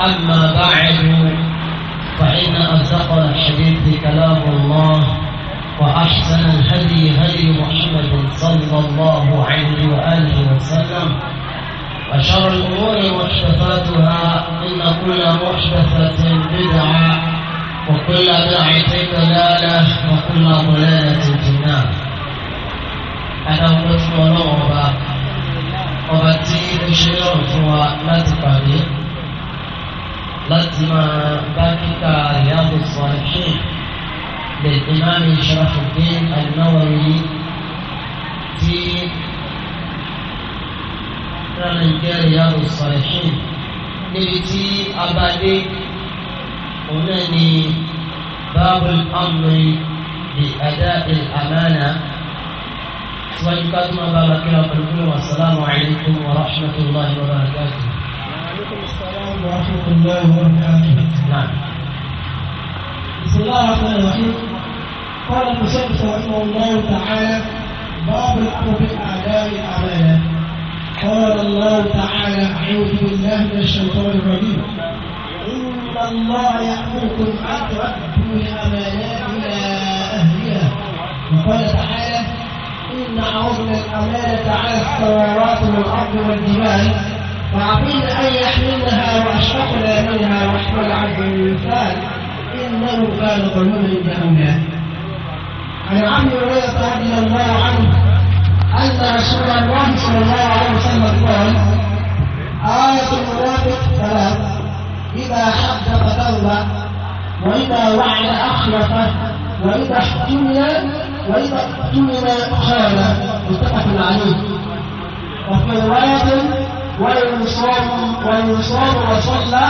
أما بعد فإن أصدق الحديث كلام الله وأحسن الهدي هدي محمد صلى الله عليه وآله وسلم وشر الأمور محدثاتها إن كل محدثة بدعة وكل بدعة ضلالة وكل ضلالة في النار أنا أقول لكم ọba tí هو لا lọ́rùn láti máa bá kíkà ìyáàbò sọ̀rọ̀ lè ìmáàmì Sharafuddin Al-Nawawi tí rárá jẹ́ ìyáàbò sọ̀rọ̀ níbi tí abadé òun náà ni báàbù amúri bí ẹ̀dá ìlànà síwájú ká tó máa bá wa kíra pẹ̀lú pẹ̀lú wàsálàmù alaykum wa rahmatulahi wa barakatuh. السلام ورحمة الله وبركاته. نعم. بسم الله الرحمن الرحيم. قال المصنف رحمه الله تعالى: باب الأمر بالأعداء أعمالا. قال الله تعالى: أعوذ بالله من الشيطان الرجيم. إن الله يأمركم أن تؤدوا الأمانات إلى أهلها. وقال تعالى: إن عرضنا الأمانة على السماوات والأرض والجبال وعظيم أن يحملها وأشفقنا منها وحق العبد الإنسان إنه كان ظلوما جهولا عن عمرو هريرة رضي الله عنه أن رسول الله صلى الله عليه وسلم قال آية المنافق ثلاث إذا حدث كذب وإذا وعد أخلف وإذا احتمل وإذا احتمل خان متفق عليه وفي رواية ويصاب ويصاب وصلى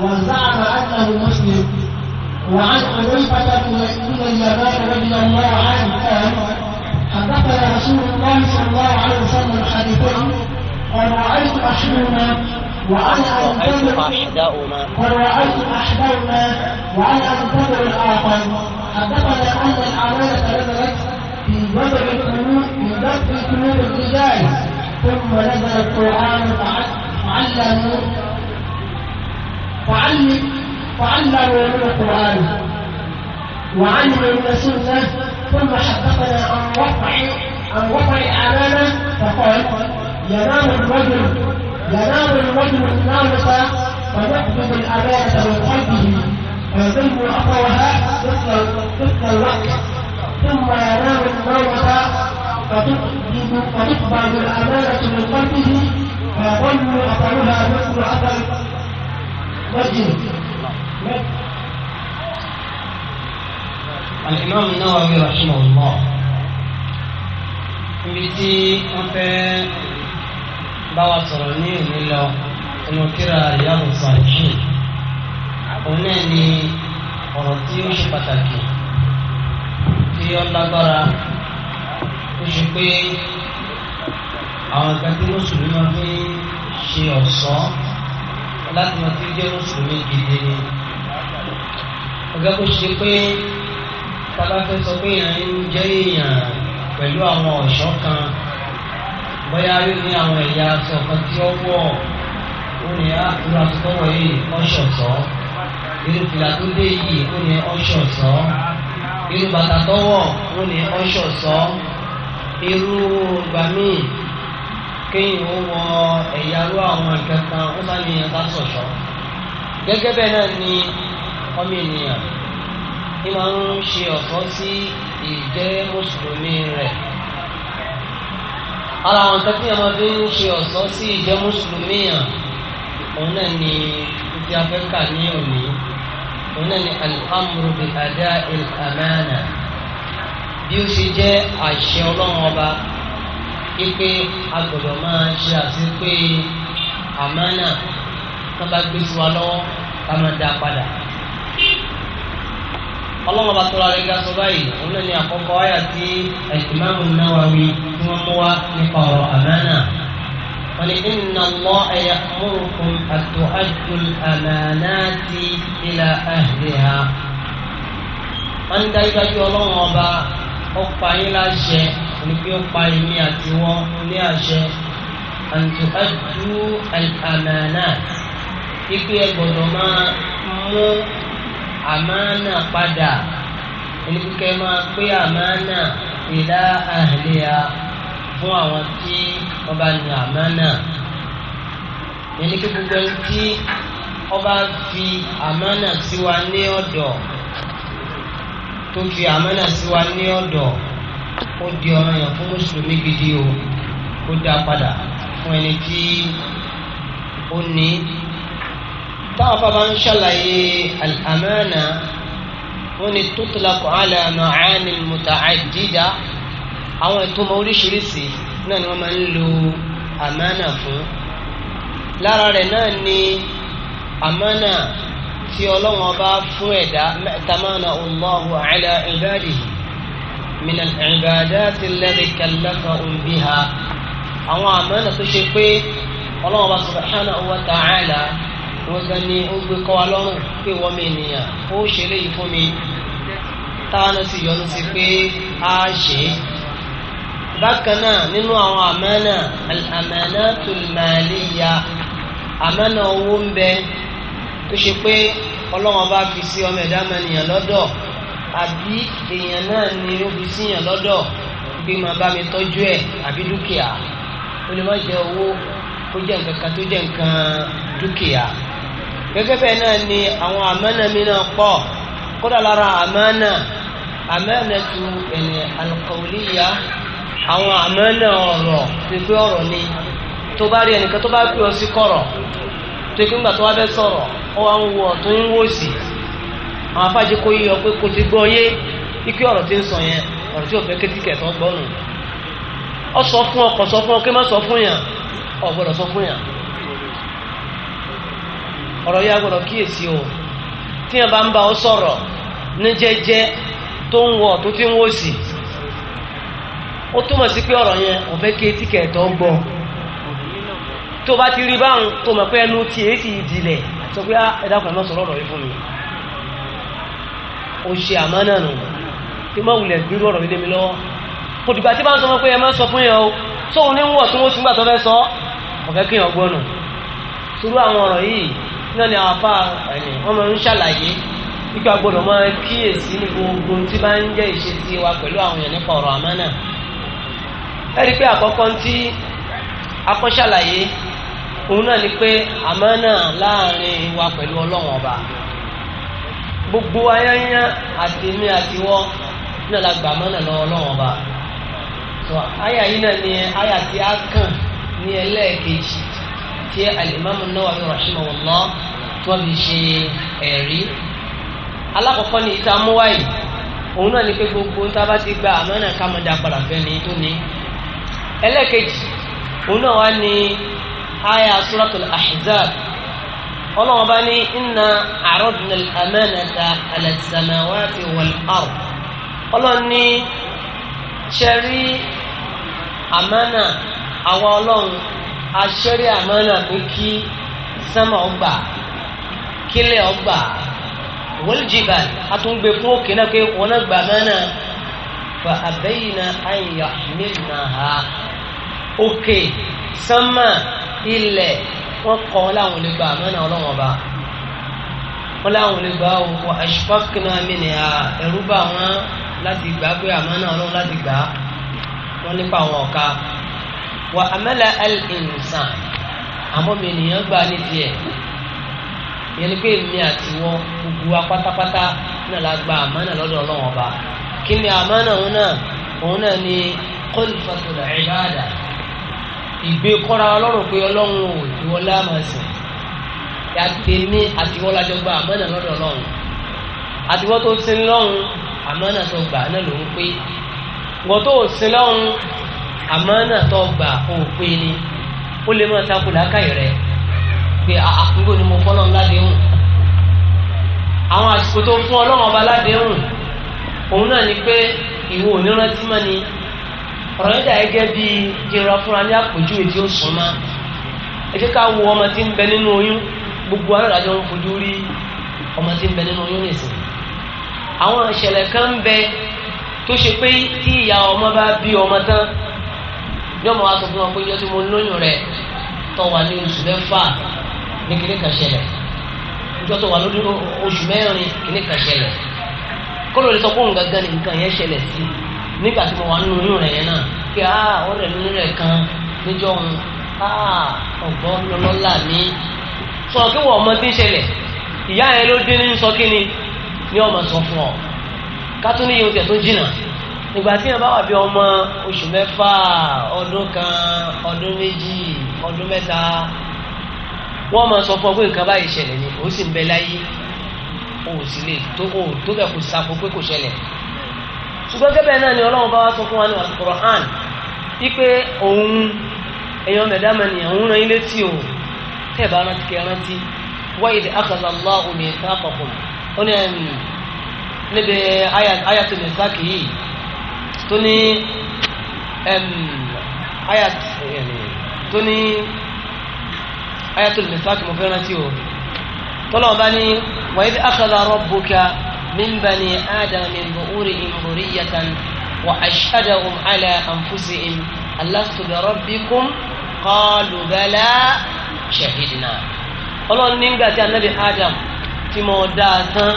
وزعم انه مسلم وعن حذيفه بن اليمان رضي الله عنه قال حدثنا رسول الله صلى الله عليه وسلم حديثين قد رايت احدهما وانا انتظر احدهما قد رايت احدهما وانا انتظر الاخر حدثنا ان الأعمال تبدلت في بدر القلوب في بدر الكنوز الرجال ثم نزل القرآن فعلموا فعلموا من القرآن وعلموا من السنة ثم حدثنا عن وقع عن وقع أمانة فقال ينام الرجل ينام الرجل الناقص فيقبض الأمانة من قلبه فيضم أخوها مثل مثل الوقت ثم ينام النومة فتقبل فتقبل الأمانة من قلبه فيظل أثرها مثل أثر وجهه الإمام النووي رحمه الله بيتي أنفي بواسرني من لو نكرا رياض الصالحين ونني ọ̀rọ̀ tí ó ṣe pàtàkì tí ó lágbára tó ṣe pé àwọn ìgbà mùsùlùmí máa fi ṣe ọ̀ṣọ́ láti máa fi jẹ́ mùsùlùmí gidi ni. ọ̀gá kò ṣe pé tábà fẹ́ sọ pé èèyàn ń jẹ́ èèyàn pẹ̀lú àwọn ọ̀ṣọ́ kan bóyá yóò ní àwọn ẹ̀yà aṣọ kan tí ó wọ̀ ó ní àtúrò ah, àtúntọ́wọ̀ yìí ọ̀ṣọ̀ṣọ́ irú fìlà tó dé yìí ó ní ọ̀ṣọ̀ṣọ́ irú bàtà tọ́wọ̀ ó ní ọ̀ṣọ̀ṣọ́ irú ìgbà míì kéyìn ó wọ ẹ̀yà ló àwọn kankan ó bá ní ẹ̀ka sọ̀ṣọ́ gẹ́gẹ́ bẹ́ẹ̀ náà ni ọmọ ènìyàn ní máa ń ṣe ọ̀ṣọ́ sí ìjẹ́ mùsùlùmí rẹ̀ ara àwọn nǹkan tí ọmọ bí ń ṣe ọ̀ṣọ́ sí ìjẹ́ mùsùlùmí yàn òun náà ni ti afẹ́kà ní òní òun náà ni al-amru bi bí ó ṣe jẹ́ àṣẹ ọlọ́run ọba pípé a gbọ́dọ̀ máa ṣe àṣepé àmánà tó bá gbé sí wa lọ́wọ́ ká máa dá a padà. ọlọ́run ọba tó ra rẹ̀ ga sọ báyìí òun náà ni àkọ́kọ́ àyà tí Al-Imamu Nawawi tí wọ́n mú wá nípa ọ̀rọ̀ àmánà. wọ́n ní inna Allaha ya'murukum an tu'addu al-amanati ila ahliha. wọ́n ń dájú ọlọ́run ọba ọ̀pá yín láṣẹ ní pé ọ̀pá yín ní àtiwọ́ ní àṣẹ àǹtò ẹ̀dú àmàna pípé ẹ gbọ́dọ̀ máa mú àmàna padà ẹni kíkẹ́ máa pé àmàna ìlà àhìlẹ́yà fún àwọn tí wọ́n bá ní àmàna ẹni kí gbogbo ẹni tí wọ́n bá fi àmàna sí wa ní ọ̀dọ̀ tó fi àmánà sí wa ní ọ̀dọ̀ ó di ọ̀ràn yẹn fún mùsùlùmí gidi o ó dá padà fún ẹni tí ó ní. táwọn bàbá ń ṣàlàyé àmánà wọ́n ní tutlaqu ala ma'ani muta'addida àwọn ìtumọ̀ oríṣiríṣi náà ni wọ́n máa ń lo àmánà fún lára rẹ̀ náà ni àmánà tí ọlọ́run ọba fún ẹ̀dá tamana Allahu ala ibadihi min al-ibadati allati kallafahum biha àwọn àmánà tó ṣe pé ọlọ́run ọba subhanahu wa ta'ala wọ́n gan ni ó gbé kọ́ wa lọ́rùn pé wọ́n mi nìyàn ó ṣe léyìí fún mi táwọn sì yọnu sí pé a ṣe é bákan náà nínú àwọn àmánà al-amanatul maliyya àmánà owó ń bẹ tó ṣe pé ọlọ́wọ́n bá fi sí ọmọ ẹ̀dá mẹ́niyàn lọ́dọ̀ àbí èèyàn náà ni ó fi síyàn lọ́dọ̀ bí máa bá mi tọ́jú ẹ̀ àbí dúkìá ó lè má jẹ owó kó jẹ́ nǹkan kan tó jẹ́ nǹkan dúkìá gẹ́gẹ́ bẹ́ẹ̀ náà ni àwọn àmánà mi náà pọ̀ kódà lára àmánà àmánà tu ẹ̀nì alqawliya àwọn àmánà ọ̀rọ̀ pípé ọ̀rọ̀ ni tó bá rí ẹnìkan tó bá pè ọ sí kọ̀rọ̀ tó kí ńgbà tó wá fẹ́ sọ̀rọ̀ ó wá ń wo ọ̀tún ń wò sí àwọn afáàjì kò yíyọ pé kò ti gbọ́ yé ikú ọ̀rọ̀ ti ń sọ yẹn ọ̀rọ̀ tí ò fẹ́ kétí kẹ̀tọ́ gbọ́ nù ọ sọ fún ọkọ̀ sọ fún ọ kí má sọ fún yàn ọ sọ fún yàn ọ̀rọ̀ yà kíyèsí o tí yàn bá ń bá ọ sọ̀rọ̀ ní jẹ́jẹ́ tó ń ti ń wò sí ó túmọ̀ sí pé ọ̀rọ̀ yẹn tó bá ti rí báhùn tó mọ̀ pé ẹnu tí èé sì ìdìlẹ̀ sọ pé ah, ẹ̀dàkùn ẹ̀mọ́ sọ̀rọ̀ ọ̀rọ̀ yìí fún mi ó ṣe àmánà nù pé má wulẹ̀ gbérú ọ̀rọ̀ ilé mi lọ́wọ́ kò dìgbà tí bá ń sọ pé ẹ má sọ fún yẹn o sóun ní wọ̀ tó ń sùn gbà tó fẹ́ sọ ọ̀fẹ́ kéèyàn gbọ́nù sùúrù àwọn ọ̀rọ̀ yìí náà ni àwọn afá ẹ̀yìn wọ́n máa ń ṣàlàyé wípé a gbọ́dọ̀ máa kíyèsí ní gbogbo tí bá ń jẹ́ ìṣesí wa pẹ̀lú àwọn èèyàn nípa ọ̀rọ̀ àmánà ẹ̀rí pé àkọ́kọ́ ń tí akọ́ṣàlàyé òun náà ni pé àmánà láàrin wa pẹ̀lú ọlọ́run ọba gbogbo ayányá àti mi àti wọ́ náà la gbà àmánà lọ ọlọ́run ọba tó àyà yìí náà ni àyà tí a kàn ní ẹlẹ́ẹ̀kejì tí alimami Nawawi rahimahullah tí wọ́n fi ṣe ẹ̀rí alákọ̀ọ́kọ́ ni ìta múwáyì òun náà ni pé gbogbo tá a bá ti gba àmánà ká máa dá padà fẹ́ ni tó ní ẹlẹ́ẹ̀kejì òun náà wá ní aya suratul ahzab ọlọ́wọ́n bá ní inna aradna al-amanata ala as-samawati wal-ard ọlọ́run ní ṣẹ́rí àmánà àwa ọlọ́run aṣẹ́rí àmánà pé kí sánmà ọgbà kílẹ̀ ọgbà wọ́lìjìbà àtúngbè fún òkè náà pé wọ́n náà gbà àmánà fa abayna an yahmilnaha òkè sánmà. ilẹ̀ wọ́n kọ́ láwọn olè gbà mẹ́nà ọlọ́wọ́n ọba wọ́n láwọn olè gbà wọ ashfaqna ẹ̀rú bá wọn láti gbà pé àmọ́nà ọlọ́wọ́n láti gbà wọ́n nípa àwọn ọ̀ka wà àmọ́ mi gbà ní tiẹ̀ yẹn ni pé àti wọn gbogbo wa pátápátá náà la gba àmọ́nà lọ́dọ̀ ọlọ́wọ́n ọba kí ni àmọ́nà òun náà òun náà ni ìgbé kọ́ra ọlọ́run pé ọlọ́run ò ìwọ láàmà sìn yàtẹ̀mí àtiwọ́ lájọ gba àmọ́nà lọ́dọ̀ ọlọ́run àtiwọ́ tó sin lọ́run àmọ́nà tó gbà náà ló ń pé wọ́n tó sin lọ́run àmọ́nà tó gbà ó pé ni ó lè máa takò lákàyè rẹ pé àkúgbò ni mo fọ́nà ládéhùn àwọn àsìkò tó fún ọlọ́run ọba ládéhùn òun náà ni pé ìwọ ò rántí mọ́ ni ọ̀rọ̀ yẹn dà gẹ́gẹ́ bí jẹrọ fúnra ní àpèjúwe tí ó sùn mọ́ ẹ jẹ́ ká wo ọmọ tí ń bẹ nínú oyún gbogbo àwọn ìdájọ́ ń fojú rí ọmọ tí ń bẹ nínú oyún nìsín àwọn ìṣẹ̀lẹ̀ kan ń bẹ tó ṣe pé tí ìyá ọmọ bá bí ọmọ tán ní ọmọ wa sọ fún wọn pé yẹ tí mo lóyún rẹ tó wà ní oṣù mẹ́fà ní kíní kan ṣẹlẹ̀ níjọ́ tó wà lórí oṣù mẹ́rin kíní kan ṣẹlẹ̀ kó lóore sọ fún òun gangan ní nǹkan yẹn ṣẹlẹ̀ sí i nígbà tí mo wà nínú oyún rẹ̀ yẹn náà a á ọ̀rẹ́ mi rẹ̀ kan níjọ́ òun á ọ̀gbọ́ lọ́lọ́lá mi sọ kí wọ́n ọmọ tí ń ṣẹlẹ̀ ìyá yẹn ló dé ní sọ kí ni ni ọmọ sọ fún ọ kátó ní iye oúnjẹ tó jìnnà ìgbà tí yẹn bá wà bí ọmọ oṣù mẹ́fà ọdún kan ọdún méjì ọdún mẹ́ta wọ́n máa sọ fún ọ pé nǹkan báyìí ṣẹlẹ̀ ni ó sì ń bẹ láyé o ò sì lè tó kẹ̀ kó sako pé kò ṣẹlẹ̀ ṣùgbọ́n gẹ́gẹ́ náà ni ọlọ́run bá wá sọ fún wa ní Al-Qur'an wípé òun èèyàn mẹ̀dámẹ́ ni òun rán ilé tí o tẹ̀ bá rántí kẹ́ rántí wa idh akhadha Allahu mithaqakum ó ní níbi ayatu mithaq yìí tó ní ayat ní ayatu mithaq mo fẹ́ rántí o tọ́lọ́wọ́n bá ní wa idh akhadha rabbuka. من بني آدم من ظهورهم ذرية وأشهدهم على أنفسهم ألست بربكم قالوا بلى شهدنا ọlọ́run nígbà tí anabi adam tí mo dá a tán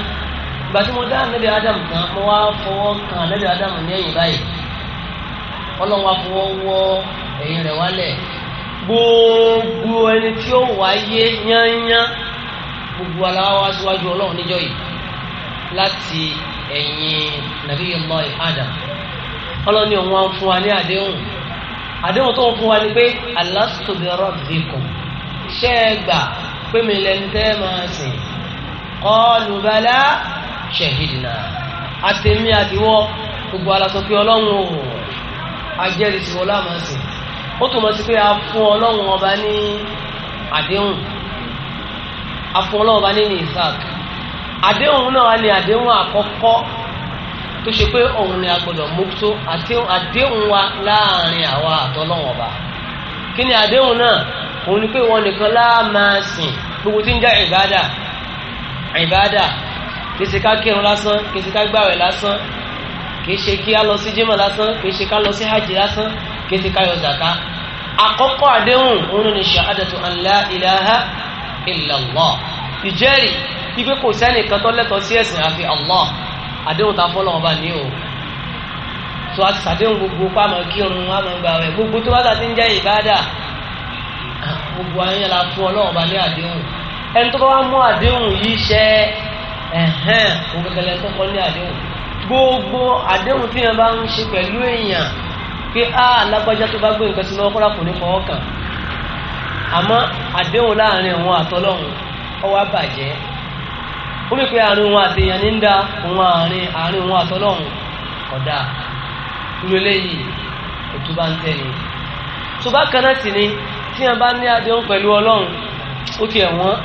ìgbà tí mo dá anabi adam tán mo wá fọwọ́ kan anabi adam ní ẹ̀yìn báyìí ọlọ́run wá fọwọ́ wọ ẹ̀yìn rẹ̀ wálẹ̀ gbogbo ẹni tí ó wáyé yányán gbogbo aláwa síwájú ọlọ́run níjọ́ yìí láti ẹ̀yìn nàbí ìlọ Adam ọlọ́ni òun wá ń fún wa ní àdéhùn àdéhùn tó ń fún wa ni pé alastu bi rabbikum ṣẹ́ ẹ gbà pé mi lẹ́nu tẹ́ máa sìn qalu bala shahidna àtẹ̀mí àtiwọ́ gbogbo alasọ pé ọlọ́run ò ajẹ́rìsí wọlé àmọ́ sìn ó túmọ̀ sí pé a fún ọlọ́run ọba ní àdéhùn a fún ọlọ́run ọba ní nìfàkì àdéhùn náà ni àdéhùn àkọ́kọ́ tó ṣe pé òun ni a gbọ́dọ̀ mójútó àdéhùn wa láàrin àwa àtọ́lọ́wọ̀n ọba kí ni àdéhùn náà òun ni pé wọn nìkan láà máa sìn gbogbo tí ń jẹ́ ìbádà ìbádà kì ká kírun lásán kì ká gbàwẹ̀ lásán kì í lọ sí jímọ̀ lásán kì ká lọ sí hajj lásán kì ká yọ zàká àkọ́kọ́ àdéhùn òun ni ṣahadatu an la ilaha illallah ìjẹ́rìí ipe kò sẹ́nìkan tó lẹ́tọ̀ọ́ sí ẹ̀sìn àfi Allah àdéhùn ta fọ́lọ́wọ́n bá ní o tó a ti sàdéhùn gbogbo pa àmọ́ kírun àmọ́ gbà rẹ̀ gbogbo tó bá ta ti ń jẹ́ ìbáàdà gbogbo ayé la fún ọlọ́wọ́n bá ní àdéhùn ẹni tó bá wá mú àdéhùn yìí ṣẹ ẹ̀hẹ́n òun kẹlẹ́ tó kọ́ ní àdéhùn gbogbo àdéhùn tí yẹn bá ń ṣe pẹ̀lú èèyàn pé a alágbájá tó bá gbé nǹkan sí lọ́wọ́ kọ́ra kò ní fọwọ́ kàn àmọ́ àdéhùn láàrin òun àtọ́lọ́hùn ọwọ́ àbàjẹ́ ó rí pé àárín òun àti èèyàn ní ń da òun àárín àárín òun àtọ́lọ́hún ọ̀dà irú eléyìí ètò bá ń tẹ̀lé tó bá kan náà sì ni tí wọn bá ní àdéhùn pẹ̀lú ọlọ́run ó ti ẹ̀wọ́n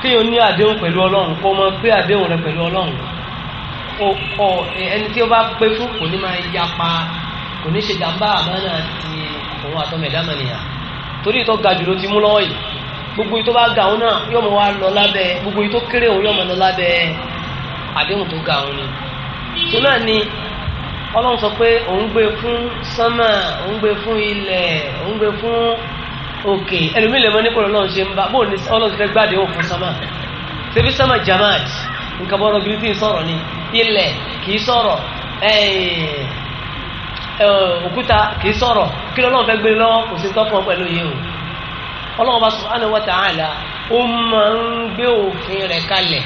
kí o ní àdéhùn pẹ̀lú ọlọ́run kó o mọ pé àdéhùn rẹ pẹ̀lú ọlọ́run ọ ẹni tí o bá pé fún kò ní máa yapa kò ní ṣe jàmbá àmọ́ náà ti òun àtọ́mẹ̀dámẹ́nìyàn torí ìtọ́ ga jùlọ ti mú lọ́wọ́ yìí gbogbo yìí tó bá ga òun náà yóò mọ wá lọ lábẹ́ gbogbo yìí tó kéré òun yóò mọ lọ lábẹ́ àdéhùn tó ga òun ni tó náà ni ọlọ́run sọ pé òun gbé e fún sánmà òun gbé e fún ilẹ̀ òun gbé e fún òkè ẹlòmíì lè mọ nípa ọlọ́run ṣe ń bá bóun ni ọlọ́run ti fẹ́ gbá àdéhùn fún sánmà ṣebí sánmà jamaat nǹkan bọ́ọ̀rọ̀ gidi tí ń sọ̀rọ̀ ni ilẹ̀ kì í sọ̀rọ̀ òkúta kì í sọ̀rọ̀ kí lọ́lọ́run fẹ́ gbé lọ́wọ́ kò sí tọ́kàn pẹ̀lú yìí o. ọlọ́run bá subhanahu wa na ó máa ń gbé òfin rẹ̀ kalẹ̀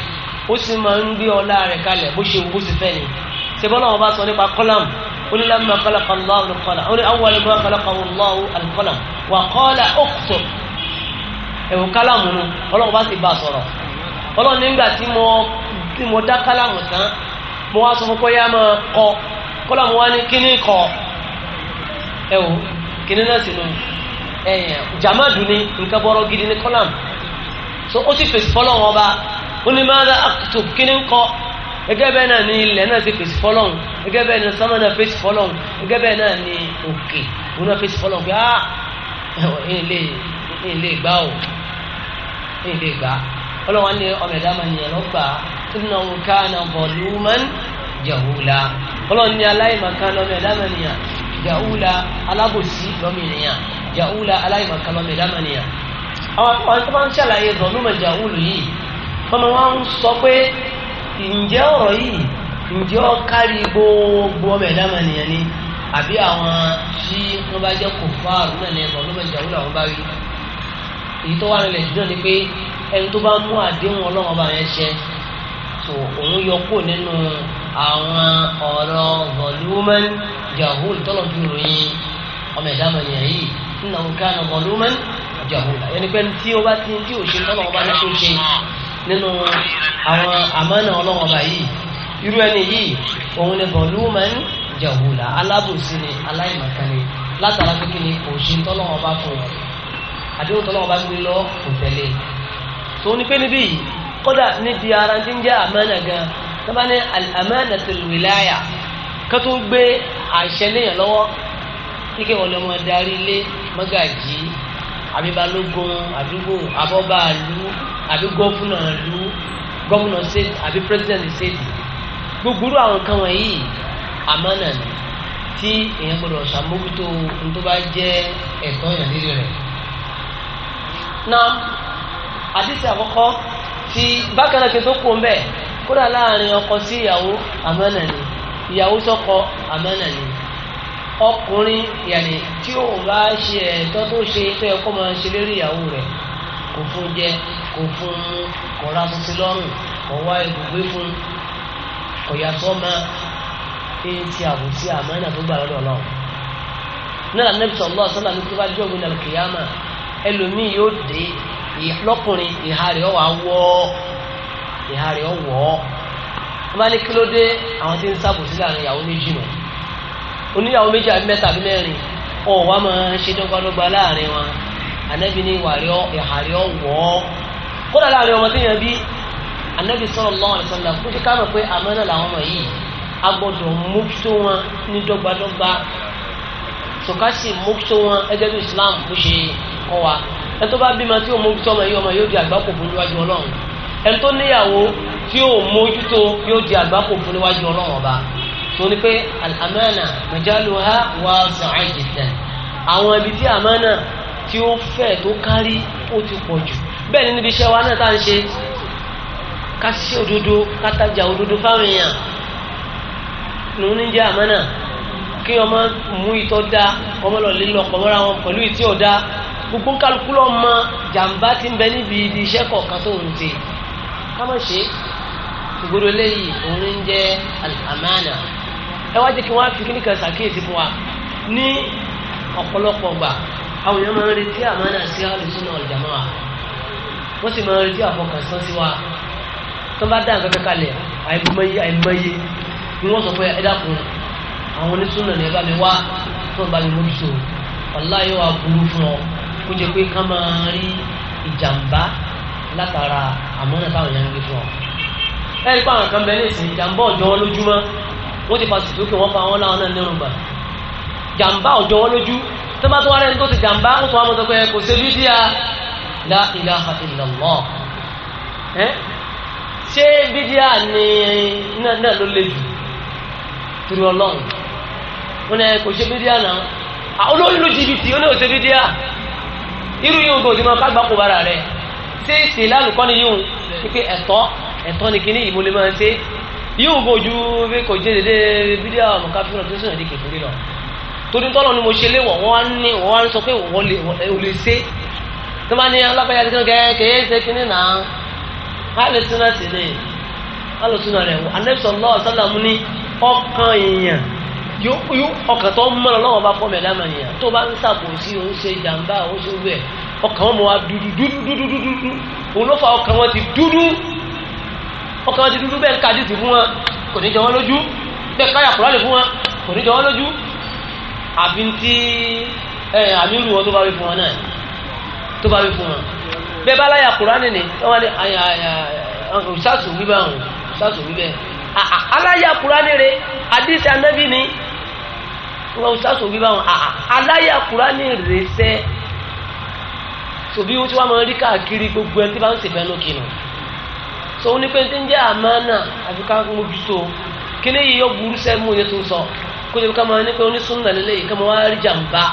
ó sì máa ń gbé ọlá rẹ̀ kalẹ̀ bó ṣe wù sí fẹ́ni ṣe si sọ nípa kọ́làm ó ní lamma khalaqa ó ní awwal ma khalaqa Allahu al-qalam wa qala ẹ̀wù kálàmù nu sì bá sọ̀rọ̀ tí mo Eh, jamadu ni nǹkan bọ́rọ̀ gidi ní kọ́làm so ó sì fèsì fọ́lọ́hún ọba ó ní máa dá àkùtù kíní kọ́ gẹ́gẹ́ bẹ́ẹ̀ náà ni ilẹ̀ náà sì fèsì fọ́lọ́hún gẹ́gẹ́ bẹ́ẹ̀ ni sánmà náà fèsì fọ́lọ́hún gẹ́gẹ́ bẹ́ẹ̀ na ni òkè òun náà fèsì fọ́lọ́hún pé ah ilé gbá o ilé gbá ọlọ́wọ́n ní ọmọ o máa nìyẹn lọ́gbà sínú ọ̀ká náà bọ̀lúmọ́n jàwúlà ọlọ́wọ́n ní aláìmọ̀ká lọ́mọ ẹ̀dá máa nìyẹn jàwúlà alábòsí lọ́mọ ènìyàn jàúlà aláìmọ̀kànlọ́mì lámànìyàn àwọn tó bá ń ṣàlàyé zọ̀nùmà jàúlù yìí wọ́n máa ń sọ pé ǹjẹ́ ọ̀rọ̀ yìí ǹjẹ́ ó kárí gbogbo ọmọ ẹ̀dá mànìyàn ni àbí àwọn tí wọ́n bá jẹ́ kò fá àrùn náà ní zọ̀nùmà jàúlù àwọn bá rí èyí tó wà nílẹ̀ jù náà ni pé ẹni tó bá mú àdéhùn ọlọ́wọ́n bá yẹn ṣẹ so òun yọ kó nínú àwọn ọ̀rọ̀ zọ̀nùmà innahu kana zaluman jahula ẹni pé tí ó bá ti tí ò ṣe tọ́lọ̀ ọba ní kó ṣe nínú àwọn àmánà ọlọ́wọ́ ọba yìí irú ẹni yìí òun ni zaluman jahula alábòsí ni aláìmọ̀kánni látara pé kí ni kò ṣe tọ́lọ̀ ọba fún un àdéhùn tọ́lọ̀ ọba gbé lọ kò tẹ̀lé tó ní pé níbí yìí kódà ara ti ń jẹ́ àmánà gan tó bá ní àmánà tìlùwìláyà kó tó gbé àṣẹ léèyàn lọ́wọ́ kíkẹ́ wọn lè mọ darí ilé mọ́gàjì àbí balógun àdúgbò abọ́bàálù àbí gọ́fúnà lu gọ́fúnà state àbí president state gbogbo àwọn nǹkan wọ̀nyí àmánà ni tí èèyàn gbọdọ̀ ṣàmójútó ohun tó bá jẹ́ ẹ̀tọ́ èèyàn lérí rẹ̀. na àdìsí àkọ́kọ́ ti bákan náà kí n tó kó mbẹ́ kódà láàrin ọkọ sí ìyàwó àmánà ni ìyàwó sọ́kọ àmánà ni ọkùnrin yàní tí ò bá ṣe ẹ̀tọ́ tó ṣe tó yẹ kó máa ṣe lérí ìyàwó rẹ̀ kò fún jẹ kò fún mu kò ra tuntun lọ́rùn kò wá ibùgbé fún kò yàtọ̀ máa ń ti àbùsí àmánà tó gbà lọ́dọ̀ ọlọ́run náà Ànábì sallallahu alaihi wasallam tó bá jẹ́ ògùn nàlùkì yàmà ẹlòmíì yóò dé lọ́kùnrin ìhà rẹ̀ ọ̀wà wọ́ ìhà rẹ̀ ọ̀wọ́ wọ́n bá ní kí ló dé àwọn tí ń sábòsí láàrin ìyàwó méjì náà oníyàwó méjì àbí mẹ́ta àbí mẹ́rin ọ̀ wá máa ṣe dọ́gbadọ́gba láàrin wọn ànábì ní ìhàrí ọ̀wọ́ kódà láàrin ọmọ téèyàn bí ànábì sallallahu alaihi wasallam kó ṣe ká mọ̀ pé àmánà làwọn ọmọ yìí a gbọ́dọ̀ mójútó wọn ní dọ́gbadọ́gba sọkásì mójútó wọn ẹgbẹ́ bí Islam bó ṣe kọ́ wa ẹni tó bá bímọ tí ò mójútó ọmọ yìí ọmọ yóò di àgbákò fún níwájú Ọlọ́run ẹni tó níyàwó tí ò mójútó yóò di àgbákò fún níwájú Ọlọ́run ọba tó ní pé al-amana majaluha wasi'a jiddan àwọn ibi tí amana tí ó fẹ̀ tó kárí ó ti pọ̀ jù bẹ́ẹ̀ ni níbi iṣẹ́ wa náà tá ń ṣe ká ṣe òdodo ká òdodo fáwọn èèyàn lòun ní jẹ́ àmánà kí ọmọ mú ìtọ́ da ọmọ lọ lé lọ pọ̀mọ́ra wọn pẹ̀lú ìtí ọ̀dá gbogbo kálukú lọ mọ jàǹbá ti ń bẹ níbi ibi iṣẹ́ kọ̀ọ̀kan tó ń ṣe ká má ṣe ìgboro eléyìí òun ní jẹ́ àmánà ẹ wá jẹ́ kí wọ́n á fi kíníkan ṣàkíyèsí fún wa ní ọ̀pọ̀lọpọ̀ gbà àwọn èèyàn máa ń retí àmánà sí àlùsùn náà wa wọ́n sì máa ń retí àfọkànsán sí wa tó bá dá nǹkan kalẹ̀ àìmọye àìmọye ni wọ́n sọ pé ẹ dákun àwọn onísùnà ní ẹ bá mi wá tó ń bá mi mójútó wàláyé wa burú fún ọ kó jẹ pé ká máa rí ìjàmbá látara àmánà táwọn èèyàn ń gbé fún ọ. ẹ rí i pé àwọn kan bẹ ní ìsìn ìjàmbá ọ̀jọ́ wọ́n ti fàṣù sókè wọ́n fa àwọn láwọn náà nírun bà jàǹbá ọ̀jọ́ wọn lójú tó bá tó wá rẹ́ni tó ti jàǹbá ó tó wá mọ́tò pé kò ṣe bídí a la ilaha illallah ẹ́ ṣé bídí a ni náà ló le jù torí ọlọ́run wọn ni kò ṣe bídí a náà olórí ló jìbìtì ó ní kò ṣe bídí a irú yìí ń gbòdì máa kágbá kó bára rẹ̀ ṣé ìsìn lálùkọ́ ni yìí ń pé ẹ̀tọ́ ẹ̀tọ́ ni kíní ìmúlẹ̀ máa ń ṣe yóò gojú bí kò jẹ́ dédé bídíà mọ̀káfíìnà tó sọ̀rọ̀ ní kékeré lọ torí tọ́lọ̀ ni mo ṣe léwọ̀ wọ́n á ní wọ́n á sọ pé wọ́n lè ṣe tó bá ní alágbáyà kékeré kẹ́ẹ́ kẹ́ẹ́ ṣe kíní náà á lè túná sí ni á lè túná rẹ̀ anẹ́sọ̀ lọ́wọ́ sálàmù ní ọkàn èèyàn yóò ọkàn tó ń mọ́nà lọ́wọ́ bá fọ́ mẹ́lámà nìyàn tó bá ń ṣàbòsí ó ń ṣe jàǹbá ó ń ṣe gbẹ̀ ọkàn wọn mọ̀ wá dúdú dúdú dúdú dúdú òun ló fa ọkàn wọn ti dúdú ọkàn ti dúdú bẹ́ẹ̀ ká dìtì fún wọn kò ní jọ wọn lójú bẹ́ẹ̀ káyà kúrálì fún wọn kò ní jọ wọn lójú àbí tí ẹ̀yìn àmì rú wọn tó bá wí fún wọn náà tó bá wí fún wọn bẹ́ẹ̀ bá láyà kúránì ni wọ́n ní ṣáàtù wíbẹ̀ ọ̀hún ṣáàtù wíbẹ̀ aláyà kúránì rẹ àdìsí anábì ni wọ́n ṣáàtù wíbẹ̀ ọ̀hún aláyà kúránì rẹ sẹ́ tòbí wọn tí wọ́n máa rí káàkiri gbogbo ẹni tí bá ń ṣèfẹ́ lókè náà sọ ní pé tí ń jẹ́ àmánà àfi ká mójútó kíní yìí yóò burú sẹ́mu ní tó sọ kó jẹ́ ká máa ní pé onísùnà lélẹ̀ yìí ká máa wá rí jàǹbá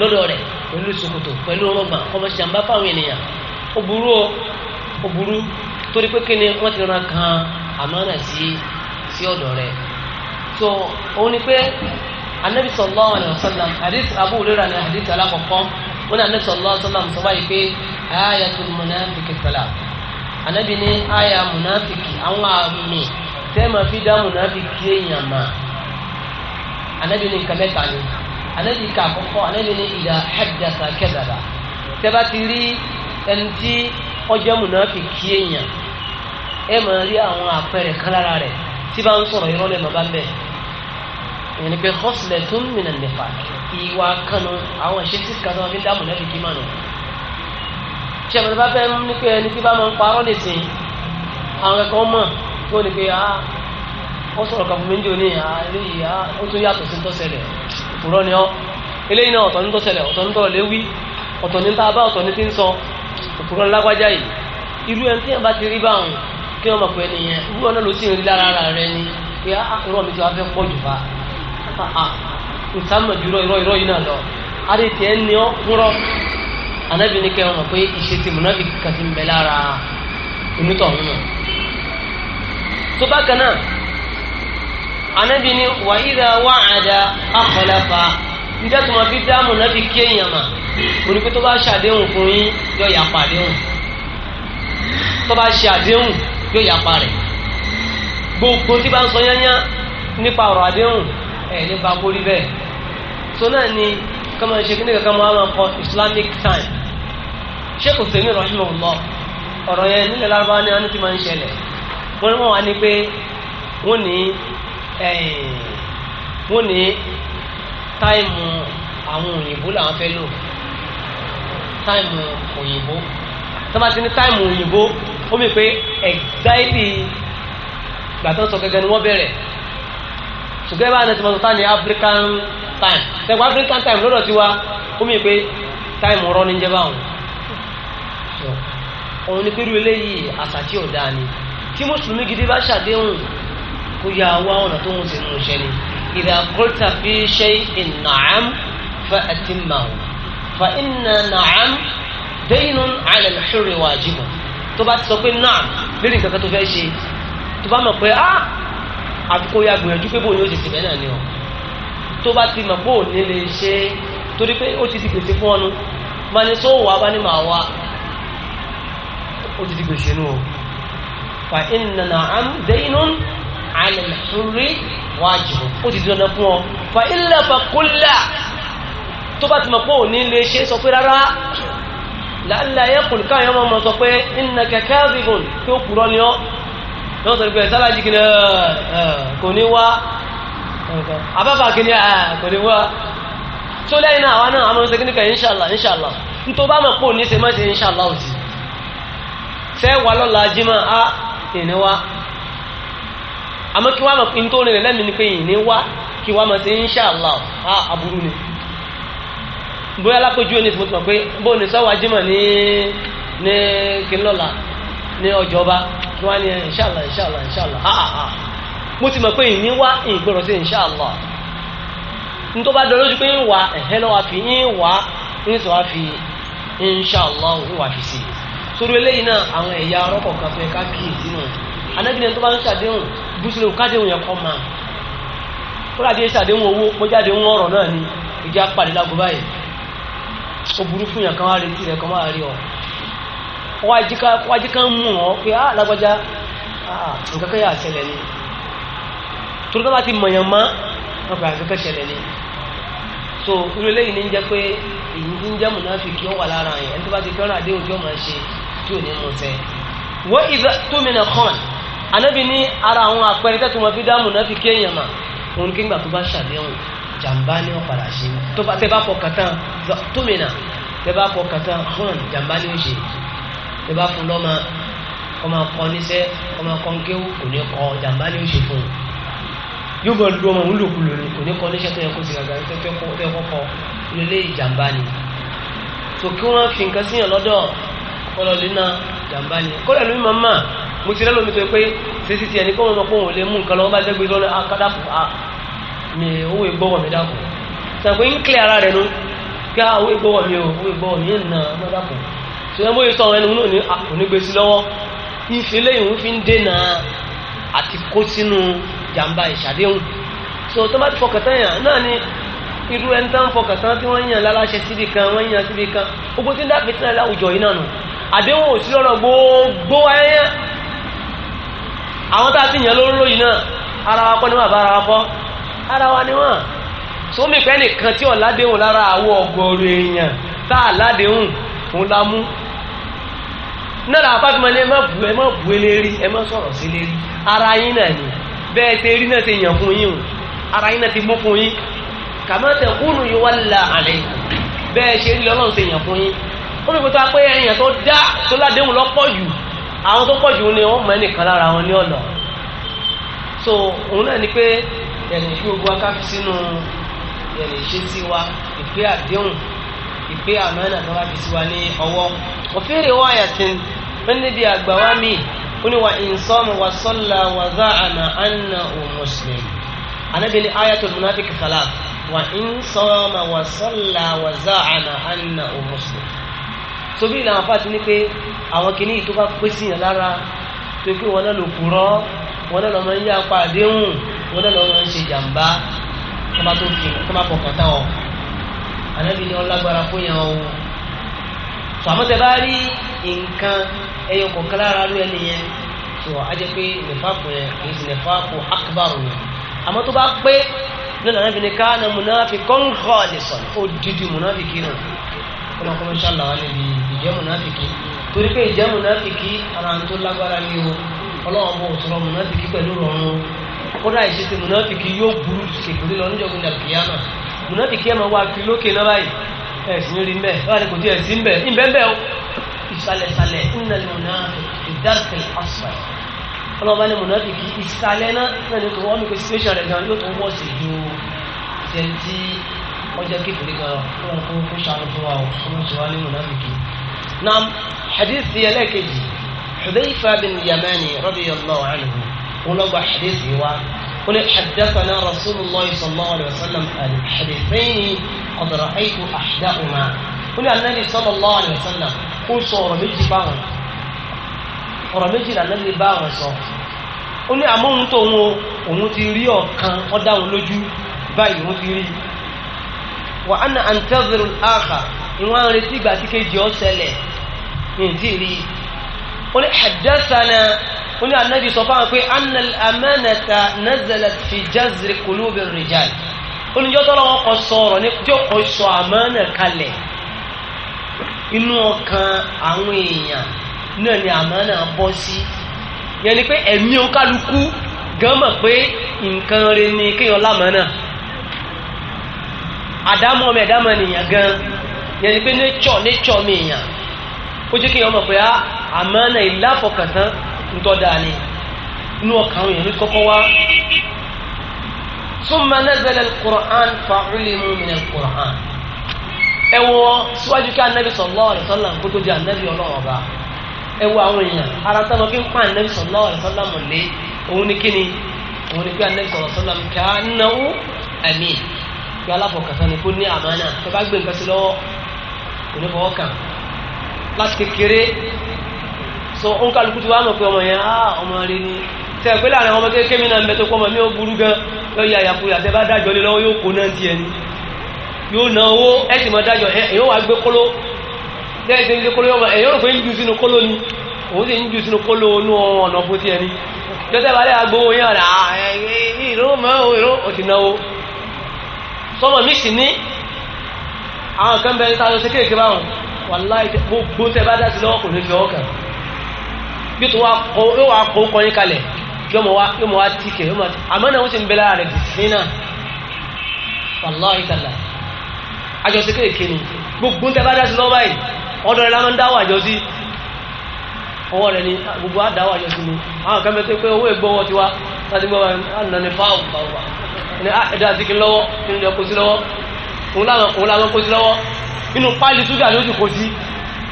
lọ́dọ̀ rẹ̀ pẹ̀lú ìsòkòtò pẹ̀lú ọlọ́gbà kọ́ máa ṣe jàǹbá fáwọn ènìyàn ó burú o ó burú torí pé kíní wọ́n ti ran kan àmánà sí sí ọ̀dọ̀ rẹ̀ so òun ni pé anabi sallallahu alayhi wa sallam hadith abu hurairah ni hadith alakọkọ wọn ni anabi sallallahu alayhi wa sallam sọ báyìí pé ayatul munafiqi anabi ní àyà munafiki àwọn àmì tẹ́ẹ̀mà fi dá munafiki èèyàn mà anabi ní nǹkan ni anabi ká àkọ́kọ́ anabi ní ìdá haddatha kadhaba tẹ́ẹ̀bá ti rí ẹni tí ọjọ́ munafiki èèyàn ẹ máa rí àwọn àpẹẹrẹ kan lára rẹ̀ tí bá ń sọ̀rọ̀ irọ́ lẹ́nu bá ń bẹ̀ ìyẹn ni pé khoslatun minan nifaq ìwà kanu àwọn ìṣesí kan tó wọn fi dá munafiki mà nù sẹ́wọ̀n bá fẹ́ ní pé ẹni tí bá máa ń parọ́ lè sìn àwọn ẹ̀kọ́ mọ̀ tí wọ́n ní pé ah ó sọ̀rọ̀ kàfún mi ń jò ní ah eléyìí ah ó tún yàtọ̀ sí tó ṣẹlẹ̀ òpùrọ̀ ni ọ́ eléyìí náà ọ̀tọ̀ ní tó ṣẹlẹ̀ ọ̀tọ̀ ní tọ̀rọ̀ léwí ọ̀tọ̀ ní tá a bá ọ̀tọ̀ ní ti ń sọ òpùrọ̀ lágbájá yìí irú ẹni tí yẹn bá ti rí báwọn kí wọ́n mọ̀ pé nìyẹn irú ọ̀nà ló sì ń rí lára ara rẹ ni pé ah, ah irọ́ mi ti wá fẹ́ pọ̀ jù fa ah ìsámọ̀ ah, ah, jùlọ irọ́ irọ́ yìí náà lọ anabi ni kẹ́ ọ mọ̀ pé ìṣe ti munafiki kan ti ń bẹ lára onítọ̀hún nù. tó bákan náà anabi ni wa idha wa'ada akhlafa níjẹ́ tó ma fi dá munafiki èèyàn mà onípe tó bá ṣàdéhùn fún yín yóò yà pàdéhùn tó bá ṣàdéhùn yóò yà parẹ̀ gbogbo tí bá ń sọ yányá nípa ọ̀rọ̀ àdéhùn ẹ̀ nípa kórìí bẹ́ẹ̀ so náà ni kọ́mọ̀ ṣe kí ní kankan mọ́ àwọn ọkọ̀ islamic time ṣé kò sèmi rọ nínú lọ ọ̀rọ̀ yẹn nílẹ̀ lárúbáwá ni wọn ti máa ń ṣẹlẹ̀ wọn wọn wá ní pé wọn ní wọn ní táìmù àwọn òyìnbó làwọn fẹ́ lò táìmù òyìnbó tó bá ti ní táìmù òyìnbó ó mi pé ẹ̀gbáìlì gbàtọ́ sọ gẹ́gẹ́ ni wọ́n bẹ̀rẹ̀ ṣùgbọ́n bá àti mọ̀tò táni African time ṣẹ̀kọ̀ African time lọ́dọ̀ tiwa ó mi pé táìmù rọ́ ní jẹ́ báwọn òun ni pẹ̀lú eléyìí àṣà tí ò dáa ni tí mùsùlùmí gidi bá ṣàdéhùn kó yà wá ọ̀nà tó ń ṣe mú ṣe ni ìdá kọ́lítà fi ṣe ìnàám fa atimmahu fa inna nàám daynun ala al-hurri wajibun tó bá ti sọ pé náà lórí nǹkan kan tó fẹ́ ṣe tó bá mọ̀ pé á ah, àfikún ya gbìyànjú pé bò ní ó ti sì bẹ́ẹ̀ náà ni ọ tó bá ti mọ̀ pé ò ní lè ṣe torí pé ó ti ti pèsè fún ọnu ó ti di gbèsè nù o fa inna na'am daynun 'ala al-hurri wajib ó ti di dandan fún ọ fa illa fa kulla tó bá ti mọ̀ pé òní lè ṣe sọ pé rárá làálà yẹ kùn káyọ̀ ọmọ sọ pé innaka kadhibun tó kúrọ́ ni ọ́ lọ́wọ́ sọ pé sálà jìgì ni kò ní wá abáfà kìíní kò ní wá tó lẹ́yìn náà àwọn náà àwọn ọmọ sọ kìíní kan nítorí bá mọ̀ pé òní ṣe má ṣe inshallah òsì. fẹ́ wà lọ́la jímọ̀ á ìní wá àmọ́ kí wá mọ̀ pín tó rìnrìn lẹ́mìí ni pé ìní wá kí wá mọ̀ sí ni bóyá lápẹjú ẹni tí mo ti pé bó ní sọ́wọ́ ajímọ̀ ní ní kínlọ́la ní ọjọ́ba kí wá ní inṣàlá inṣàlá inṣàlá á á mo ti mọ̀ pé ìní wá ìgbọ̀rọ̀ sí bá dọ̀ lójú pé ń wà ẹ̀hẹ́ lọ́wọ́ fi ń wà sori eléyìí náà àwọn ẹ̀yà ọlọ́kọ̀ kan fẹ́ ká kí ìdí nù anábìnrin tó bá ń ṣàdéhùn bùsùlùmù kádéhùn yẹn kọ́ ma kódà bí ṣàdéhùn owó mọ́jáde ń ọ̀rọ̀ náà ni ìjà pàdé lágbo báyìí ó burú fún yàn kan wá retí rẹ̀ kan máa rí ọ wájú kan mú ọ pé á ah, lágbájá ah, nǹkan kan yà ṣẹlẹ̀ ni torí bá ti mọ̀yàn wọn àfikẹ́ ni so irú eléyìí ní ń jẹ́ pé èyí ń jẹ́ mùnáfíkì ó wà lára yẹn ẹni tó tí ò ní mú sẹ́ wọ́n ìdá tómìnà kan anábì ní ara àwọn àpẹẹrẹ tẹ́tù wọn fi dáàmú náà fi ké èèyàn mà òun kí n gbà tó bá ṣàdéhùn jàǹbá ní ọ̀padà ṣe tó tẹ́ bá fọ kàtàn tómìnà tẹ́ bá fọ kàtàn hàn jàǹbá ní òṣè tẹ́ bá fún lọ́mọ ọmọ akọ níṣẹ́ ọmọ akọ nkéwù kò ní kọ jàǹbá ní òṣè fún un yóò bọ̀ lu ọmọ òǹlòkù lónìí kò ní kọ níṣẹ́ tó yẹ kó ti gàgà tó yẹ kó kọ ilé ni. tò kí wọ́n fi nǹkan síyàn lọ́dọ̀ kọlọlẹ náà jàmbá ni kọlọ ẹlòmí máa mà mo ti rẹlòmí tó pé ṣèṣì tiẹ̀ ní kọ́mọ́ pé òun lè mú nǹkan lọ́wọ́ bá dẹ́gbẹ́ lọ́nà akádàpọ̀ ah, a ah, mi owó ìgbọ́wọ̀ mi dàpọ̀ sàpé ń kílẹ̀ ara rẹ̀ nu kí a owó ìgbọ́wọ̀ mi o owó ìgbọ́wọ̀ mi yẹn nà má dàpọ̀ ṣùgbọ́n bóyá sọ àwọn ẹnu ní onígbèsí ah, lọ́wọ́ ìfẹ́ lẹ́yìn fi ń dènà àti kó sínú jàmbá ìṣàdéhùn so tó bá ti fọkàn tán yàn náà ni irú ẹni tán fọkàn tán tí wọ́n yàn kan wọ́n yàn síbi kan gbogbo tí ń dá fìtínà láwùjọ yìí náà nù àdéhùn òsì lọ́nà gbogbo ayẹyẹ àwọn tá a ti yàn lóró yìí náà ara wa kọ́ ni wọ́n àbá ara wa kọ́ ara wa ni wọ́n sómi pẹ́ nìkan tí ọ̀làdéhùn lára àwọ̀ ọ̀gọ̀ọ̀rọ̀ èèyàn tá a ládéhùn òun la mú náà làwọn afáfíìmọ̀ ni ẹ má bu ẹ má bu eléri ẹ má sọ̀rọ̀ sí eléri ara yín náà ni bẹ́ẹ̀ ṣe rí náà ṣe yàn fún yín o ara yín náà ti mú fún yín kàmá tẹ kúnnù yìí wá la àlẹ bẹ́ẹ̀ ṣe rí lọ́lọ́run ṣe yàn fún yín ó rí pẹ̀tọ́ pé èèyàn tó dá tó ládéhùn lọ́pọ̀ jù àwọn tó pọ̀ jù ni wọ́n mọ ẹnìkan lára wọn ní ọ̀nà so òun náà ni pé ẹ̀rìn ìfi ogun akáfi sínú ẹ̀rìn ìṣe sí wa ìpè àdéhùn ìpè àmọ́nà tó wá fi sí wa ní ọwọ́ òfèrè wọ́n àyàtìn wọ́n níbi àgbà wá mi ó ní wa ìsọ́mu wa sọ́la wa záàna anna ò mùsùlùmí anabi ni ayatul munafik salat wa ìsọ́mu wa sọ́la wa záàna anna ò mùsùlùmí sobi ìlànà fà ti ní pé àwọn kìíní yìí tó bá pé sí yàn lára tó pé wọn náà lò kúrọ́ wọn náà lọ máa ń yá apá àdéhùn wọn náà lọ máa ń ṣe jàǹbá tó bá tó fi tó bá fọkàn tán ọ ànábì ni wọn lágbára fún yàn o tó àmọ́ tẹ bá rí nǹkan ẹyọ kọ̀ọ̀kan lára ló ẹni yẹn tó a jẹ pé nìfàkù yẹn kì í sì nìfàkù akbaru yẹn àmọ́ tó bá pé lọ́nà ànábì ni káà kọ́mọ kọ́mọ ṣàlà wà níbi ìjẹ́ mùnáfìkì torí pé ìjẹ́ mùnáfìkì ara tó lágbára ni o ọlọ́wọ́n bò sọ̀rọ̀ mùnáfìkì pẹ̀lú rọrùn kódà ìṣesí mùnáfìkì yóò burú kèkúrú lọ níjọba ìdàgbìyàmà mùnáfìkì ẹ̀ máa wá kí lókè náà báyìí ẹ̀sìn rí mbẹ́ wà ní kò tí ẹ̀sìn mbẹ́ ìmbẹ́ mbẹ́ o ìsàlẹ̀sàlẹ̀ ńnàlẹ̀ mùnáfìkì ìdárkẹ̀lẹ̀ asfal ọlọ́ba ní mùnáfìkì ìsàlẹ̀ náà náà ní tó wọ́n mi kò situation rẹ̀ gan yóò tó wọ́ sí ju ìṣẹ́ntì wọ́n jẹ́ kékeré gan lóhun kó kó ṣàánú fún wa òun ti wá ní mùnàfíkì. na hadithi ẹlẹ́kejì Hudhayfa bin Yamani radiyallahu anhu wọn lọ gba hadithi wa wọn ni haddathana rasulullah sallallahu alayhi wa sallam hadithaini qad ra'aytu ahdahuma wọn ni anabi sallallahu alayhi wa sallam kó sọ ọ̀rọ̀ méjì báwọn ọ̀rọ̀ méjì là nàbí báwọn sọ ó ní àmọ́ òun tó òun ti rí ọ̀kan ọ̀dá lójú báyìí òun ti rí i wà á nà àǹtẹ́vìrì àkà ìwọ̀n àrètí ìgbà tí kejì ọ́ ṣẹlẹ̀ nìdí rí ó ní haddathana ó ní ànábì sọ fáwọn pé anna al-amanata nazalat fi jazri qulubi rijal ó ní jọ́tọ́ lọ́wọ́ kọ sọ̀rọ̀ ní tí ó kọ sọ àmánà kalẹ̀ inú ọkàn àwọn èèyàn náà ni àmánà bọ́ sí yẹn ni pé ẹ̀mí òkàlùkù gan mọ̀ pé nǹkan rẹ ni kéèyàn lámánà àdámọ́ mi àdámọ́ nìyàn gan yẹn ni pé nature nature mi yàn ó jẹ́ kí èèyàn mọ̀ pé ah, àmọ́ náà ìláfọkàntán ń da ni inú ọkàn àwọn èèyàn kọ́kọ́ wá. ثم نزل القرآن فعلموا من القرآن ẹ wo síwájú kí anabi sallallahu alaihi wasallam kó tó di anabi Ọlọ́run ọba ẹ wo àwọn èèyàn ara sábà fi ń pa anabi sallallahu alaihi wasallam lé òun ni kíni òun ni pé anabi sallallahu alaihi wasallam kanahu amin pé aláfọkàntán ni kó ní àmánà tó bá gbé nǹkan sí lọ́wọ́ kò ní fọwọ́ kàn láti kékeré so ó ń kálukú tí wàá mọ̀ pé ọmọ yẹn á ah, ọmọ rẹ ni tẹ pé láàrin ọmọ kékeré mi náà ń bẹ tó kọ́ ọmọ mi ó burú gan lọ yẹ àyàkuyà tẹ bá dájọ́ lé lọ́wọ́ yóò kó náà tiẹ̀ ni yóò na owó ẹ sì mọ dájọ́ ẹ èyàn wà gbé kóló lẹ́yìn tó ń gbé kóló yọmọ èyàn rò pé ń ju sínú kóló ni òun sì ń ju sínú kóló onú ọ̀nà fún tiẹ̀ ni jọ́sẹ̀ bá lẹ́ tọ́lọ̀ mí sì ní àwọn kan bẹ̀rẹ̀ tá a lọ sí kéèké báwọn wàláì gbogbo tẹ bá dá sí lọ́wọ́ kò ní fi ọwọ́ kàn bí tó wá kó yóò wá kó kọrin kalẹ̀ yóò mọ̀ wá yóò mọ̀ wá tíkẹ̀ la máa ń dáwọ́ àjọ ọwọ́ rẹ̀ ni gbogbo àdáwọ̀ àjọ sí ni àwọn kan bẹ̀rẹ̀ pé owó ìgbọ́wọ́ ti wá láti gbọ́ wa nà ní ní ah, ẹ̀dá sí kí lọ́wọ́ nínú ẹ̀kọ́ sí lọ́wọ́ òun làwọn kó sí lọ́wọ́ nínú páálí ṣúgà ló sì kó sí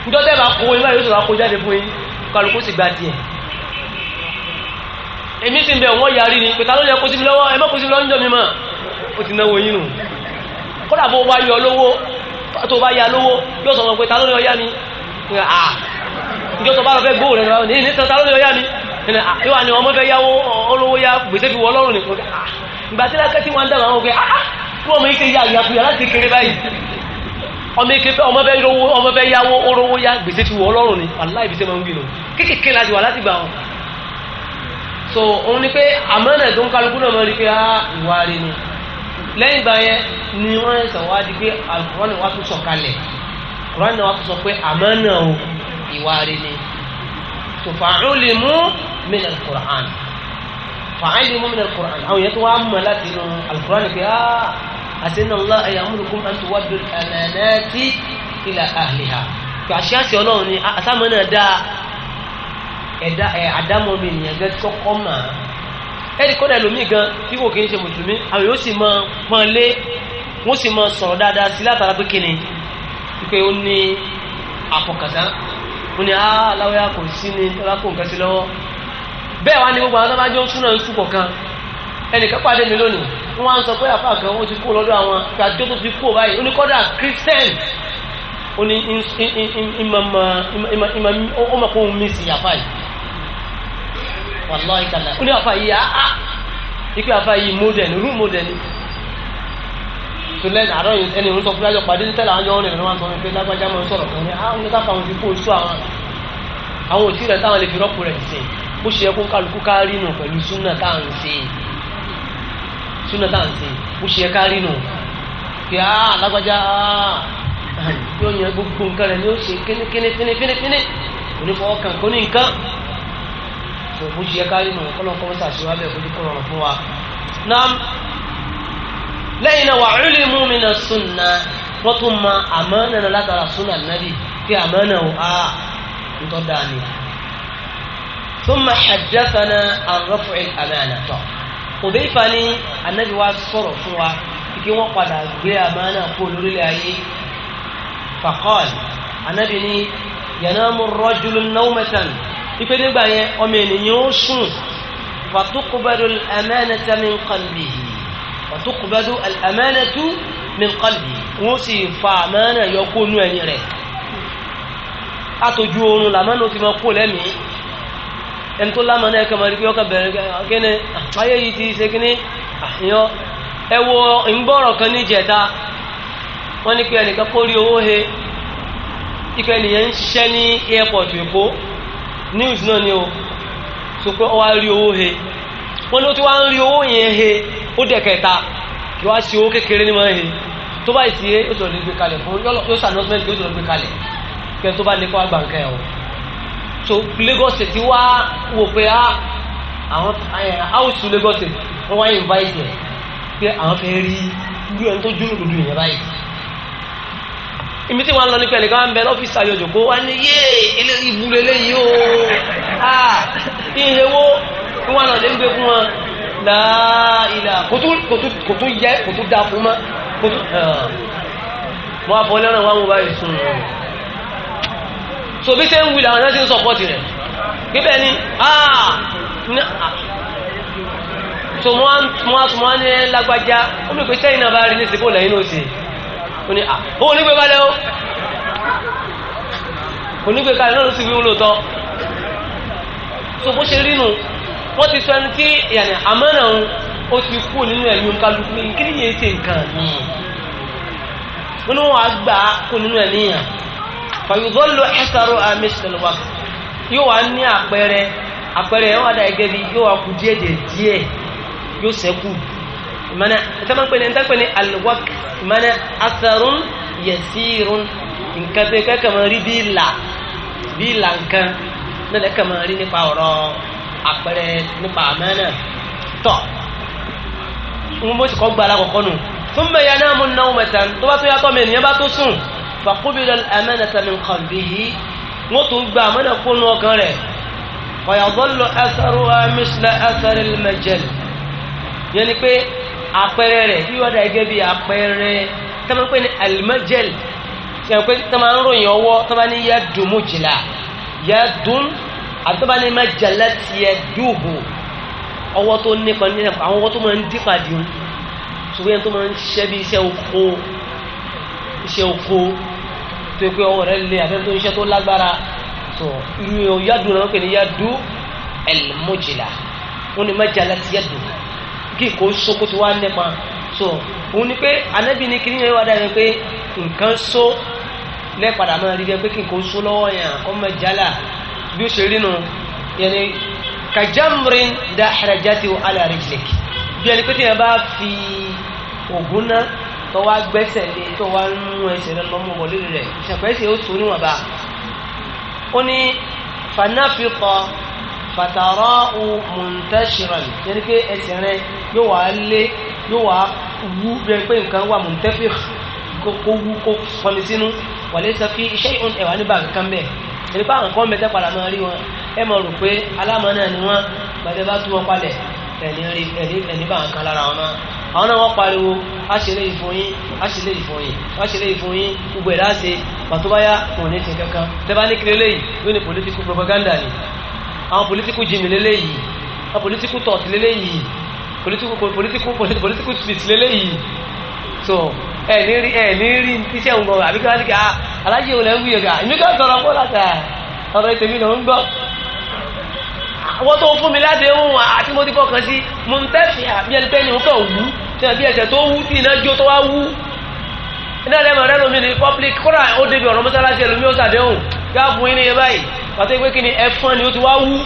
ìjọ tẹ́ bá kó ìwé yóò sì wá kó jáde fún yín kálukú sì gba tiẹ̀. èmi sì ń bẹ̀ wọ́n yarí ni pẹ̀tà ló yẹ kó sí lọ́wọ́ ẹ má kó sí lọ́wọ́ níjọ́ mi mọ̀ ó ti náwó yín nù kódà bó bá yọ lówó tó bá ya lówó yóò sọ wọn pé ta ló yọ yá mi ìjọ tó bá lọ fẹ́ gbóò rẹ̀ ní ní ta ló yọ yá mi ìwà ni ọmọ fẹ́ yáwó olówó yá gbèsè fi wọ́ lọ́rùn nìkan ìgbà tí lákẹ́ tí wọ́n dábàá wọn pé ah kí ọmọ yìí ṣe ya ìyàkuyà láti kéré báyìí ọmọ yìí pé ọmọ bẹ́ẹ̀ rówó ọmọ bẹ́ẹ̀ yáwó orówó yá gbèsè ti wọ̀ ọlọ́run ni aláì fi ṣe máa ń gbìnà kéékèèké láti wà láti gbà wọn. so òun ni pé àmọ́nà tó ń kálukú náà máa rí pé ah ìwà rẹ ni lẹ́yìn ìgbà yẹn ni wọ́n ń sọ wá di pé àkùrán náà wá sọ kalẹ̀ àkùrán náà wá sọ pé àmọ́nà o فعلموا من القرآن أو يتوام لكن القرآن في آه أسن الله يأمركم أن تودوا الأمانات إلى أهلها فأشياء سيولون أسامنا دا ẹ̀dá ẹ̀ àdámọ́ mi nìyẹn gẹ́ kọ́kọ́ mà á ẹ̀rí kọ́dà ẹlòmíì gan tí kò kí ń ṣe mùsùlùmí àwọn yóò sì máa pọ́n lé wọ́n sì máa sọ̀rọ̀ dáadáa sí látara pé kíni pé ó ní àpọ̀kàtà ó ní ah, aláwọ̀ bẹ́ẹ̀ wá ní gbogbo àwọn tọ́bájọ́ súnà ń súpọ̀ kan ẹnìkan pàdé mi lónìí wọ́n á ń sọ pé àfa kan wọ́n ti kó lọ́dọ̀ àwọn àjọ tó ti kó báyìí oníkọ́dà christian ó ní ìmọ̀ kó ń mí sí àfa yìí wàláhì kàlà ó ní àfa yìí àá ipe àfa yìí modern rú modern tó lẹ́nu àárọ̀ ẹni ń sọ pé àjọ pàdé tẹ́lẹ̀ àwọn ọ̀rẹ́ rẹ̀ wọ́n sọ pé lágbájá máa ń sọ̀rọ̀ kan ní àwọn oníkàkà àwọn ti kó bó ṣe yẹ kó kálukú ká rí nù pẹ̀lú súnà tá à ń ṣe súnà tá à ń ṣe bó ṣe yẹ ká rí nù kí á alágbájá yóò yan gbogbo nǹkan rẹ̀ ni ó ṣe kíní kíní kíní kíní onífọwọ́ kan kó ní nǹkan tó bó ṣe yẹ ká rí nù kọ́lọ́kọ́ sàṣewá bẹ́ẹ̀ kó ní kọ́ rọrùn fún wa. nam lẹ́yìn náà wà ulimu mina súnà wọ́n tún ma àmọ́ nana látara súnà nàbì kí àmọ́ náà wò á ń tọ́ dáa nìyà. ثم حدثنا عن رفع الأمانة Hudhayfa ni anabi wa sọ̀rọ̀ fún wa kí wọ́n padà gbé àmàna kó lórílẹ̀ ayé faqal anabi ni yanamu rajulu nawmatan ipe nígbà yẹn ọmọ ènìyàn ó sùn fatuqbadu al-amanata min qalbihi fatuqbadu al-amanatu min qalbihi wọ́n sì fa àmàna yọ kó nú ẹ̀yìn rẹ̀ àtòjú oorun làmánà ó ti máa kó lẹ́mìí ẹni tó lámà náà kẹmà rí pé ọkà bẹ̀rẹ̀ ah, kíni ah, ayé yìí ti ṣe kíní àyàn ah, ẹ wo ìgbọ́rọ̀ kan ní ìjẹta wọ́n ní pé ẹnìkan kó rí owó he ìkẹ́ nìyẹn ń ṣiṣẹ́ ní airport èkó news náà ni o sọ pé ó wá rí owó he wọ́n ní ó ti wá ń rí owó yẹn he ó dẹ̀ kẹta kí wá ṣe owó kékeré ní máa he tó báyìí ti ó sọ̀rọ̀ lè gbé kalẹ̀ fún yọ́sàn announcement yóò sọ̀rọ̀ gbé kalẹ̀ kẹ́ tó bá ní kó wá gbà ń so Lagos State wá wò pé ah, àwọn eh, house Lagos State wọ́n wá invite ẹ̀ pé àwọn fẹ́ rí irú ẹni tó dúró dúdú yẹn báyìí ibi tí wọ́n lọ ní pẹ̀lú káwọn bẹ lọ́fíìsì ayọ̀jọ̀kọ́ wá ní yé eléyìí ibùdó eléyìí o ìhè ah, wo wọ́n lọ lé gbé fún wọn láàílà kò tún yẹ kò tún dá fún mọ́ eh. wọ́n á fọ́ lẹ́ràn wọn wọ́n báyìí sùn so bí ṣe ń wí làwọn náà ti rẹ̀ bíbẹ̀ ni ah, ah. so wọ́n á tún wọ́n á ní lágbájá ó mi pé sẹ́yìn náà bá rí ní ìsìnkú lẹ́yìn náà sí ó ní ah, ó ní gbé balẹ̀ ó so bó ṣe rí nu wọ́n ti sọ ni yẹn ṣe nǹkan mi wọ́n ní wọ́n á gbà á kú fàyọ̀dọ́lù ẹ̀sàrò àmìsìlẹ̀wà yóò wá ní àpẹẹrẹ àpẹẹrẹ yóò wá dá ẹgẹ́ bí yóò wá kú díẹ̀ díẹ̀ yóò sẹ́kù mana ìtàmà pé ní ìtàpẹ́ ní mana asarun yasirun nǹkan tó kẹ́kẹ́ máa rí bí ìlà bí ìlà nǹkan náà lẹ́kẹ́ máa rí nípa ọ̀rọ̀ àpẹẹrẹ nípa àmánà tọ̀ ń bó ti kọ́ gba alákọ̀ọ́kọ́ nù fún mẹ́yà náà mú náà mẹ́ta tó bá tó yàtọ̀ mẹ́rin yẹn bá tó sùn fàkóbìlẹ ẹmẹnẹsẹ mi kàn bí yìí wọn tún gba àmọdé kónú ọkàn rẹ fàyàbọlọ ẹsẹrù ẹmísílẹ ẹsẹrù ẹlẹmẹjẹl yẹn ni pé àpẹẹrẹ rẹ bí wọn dà gẹ́gẹ́ bí àpẹẹrẹ tẹmẹ pé ní ẹlẹmẹjẹl tẹmẹ pé tẹmẹ ń ròyìn ọwọ́ tẹmẹ ní yẹ dùnmú jìlá yẹ dùn àti tẹmẹ ní mẹjẹlẹ iṣẹ́ oko tó pé ọwọ́ rẹ̀ lé àbẹ́ tó iṣẹ́ tó lágbára tó irú yadu náà pè ní yadu ẹlmójìlá wọn ni mẹ́jà láti yadu kí kò sokoto wá nípa tó òun ni pé anabi ni kìnìún yẹn wá dáa ni pé nǹkan so lẹ́ẹ̀padà máa rí bẹ́ẹ̀ pé kí n kò so lọ́wọ́ yẹn kọ́ mẹ́jà là bí ó ṣe rí nu yẹn ni kajamrin dahrajati ala rijlik bí ẹni pé yẹn bá fi ògùn náà tó wá gbẹ́sẹ̀ lé tó wá ń mú ẹsẹ̀ rẹ lọ́mọ wọlé rẹ̀ ṣàpẹ́sẹ̀ ó tó níwọ̀nba ó ní fanáfikọ fàtàrọ́ o mùntẹ́sìrán yẹn pé ẹsẹ̀ rẹ yóò wá lé yóò wá wú rẹ pé nǹkan wà mùntẹ́fì kó wú kó fọmi sínú wàlẹ́ sọ fi iṣẹ́ ìhun ẹ̀wà níbà kankan bẹ́ẹ̀ ẹni pé àwọn kan mẹ́tẹ́ padà máa rí wọn ẹ mọ̀ rò pé alámọ̀ náà ni wọ́n gbàdé bá wọn palẹ̀ ẹni bá wọn kan lára wọn náà àwọn náà wọ́n pariwo aṣèlè ìfọyín aṣèlè ìfọyín aṣèlè ìfọyín gbogbo ẹ̀dá ṣe pàtó báyà wọn ní ti kankan tẹ́bá ní kiri lẹ́yìn yóò ní political propaganda ni àwọn political jimmy lẹ́lẹ́yìí àwọn political thought lẹ́lẹ́yìí political political political speech lẹ́lẹ́yìí so ẹ ní rí ẹ ní rí iṣẹ́ òun gan àbíkọ́ ah, láti ká alájí òun lẹ́ ń wúyẹ̀ gà èmi kàn sọ̀rọ̀ pọ̀ láti ọ̀rọ̀ ìtẹ̀mí ló ń gbọ́ wọ́n tó fún mi ládéhùn àti mo ti fọkàn sí mo ń tẹ́sí àbí ẹni pé ẹni kàn wú tí àbí ẹsẹ̀ tó wú tí iná tó wá wú iná lẹ́mọ̀ rẹ lómi ní public kódà ó débi ọ̀rọ̀ mọ́sálásí ẹlòmí ó sàdéhùn yá yín ní báyìí pàtó pé kí ni ẹfọn ni ó ti wá wú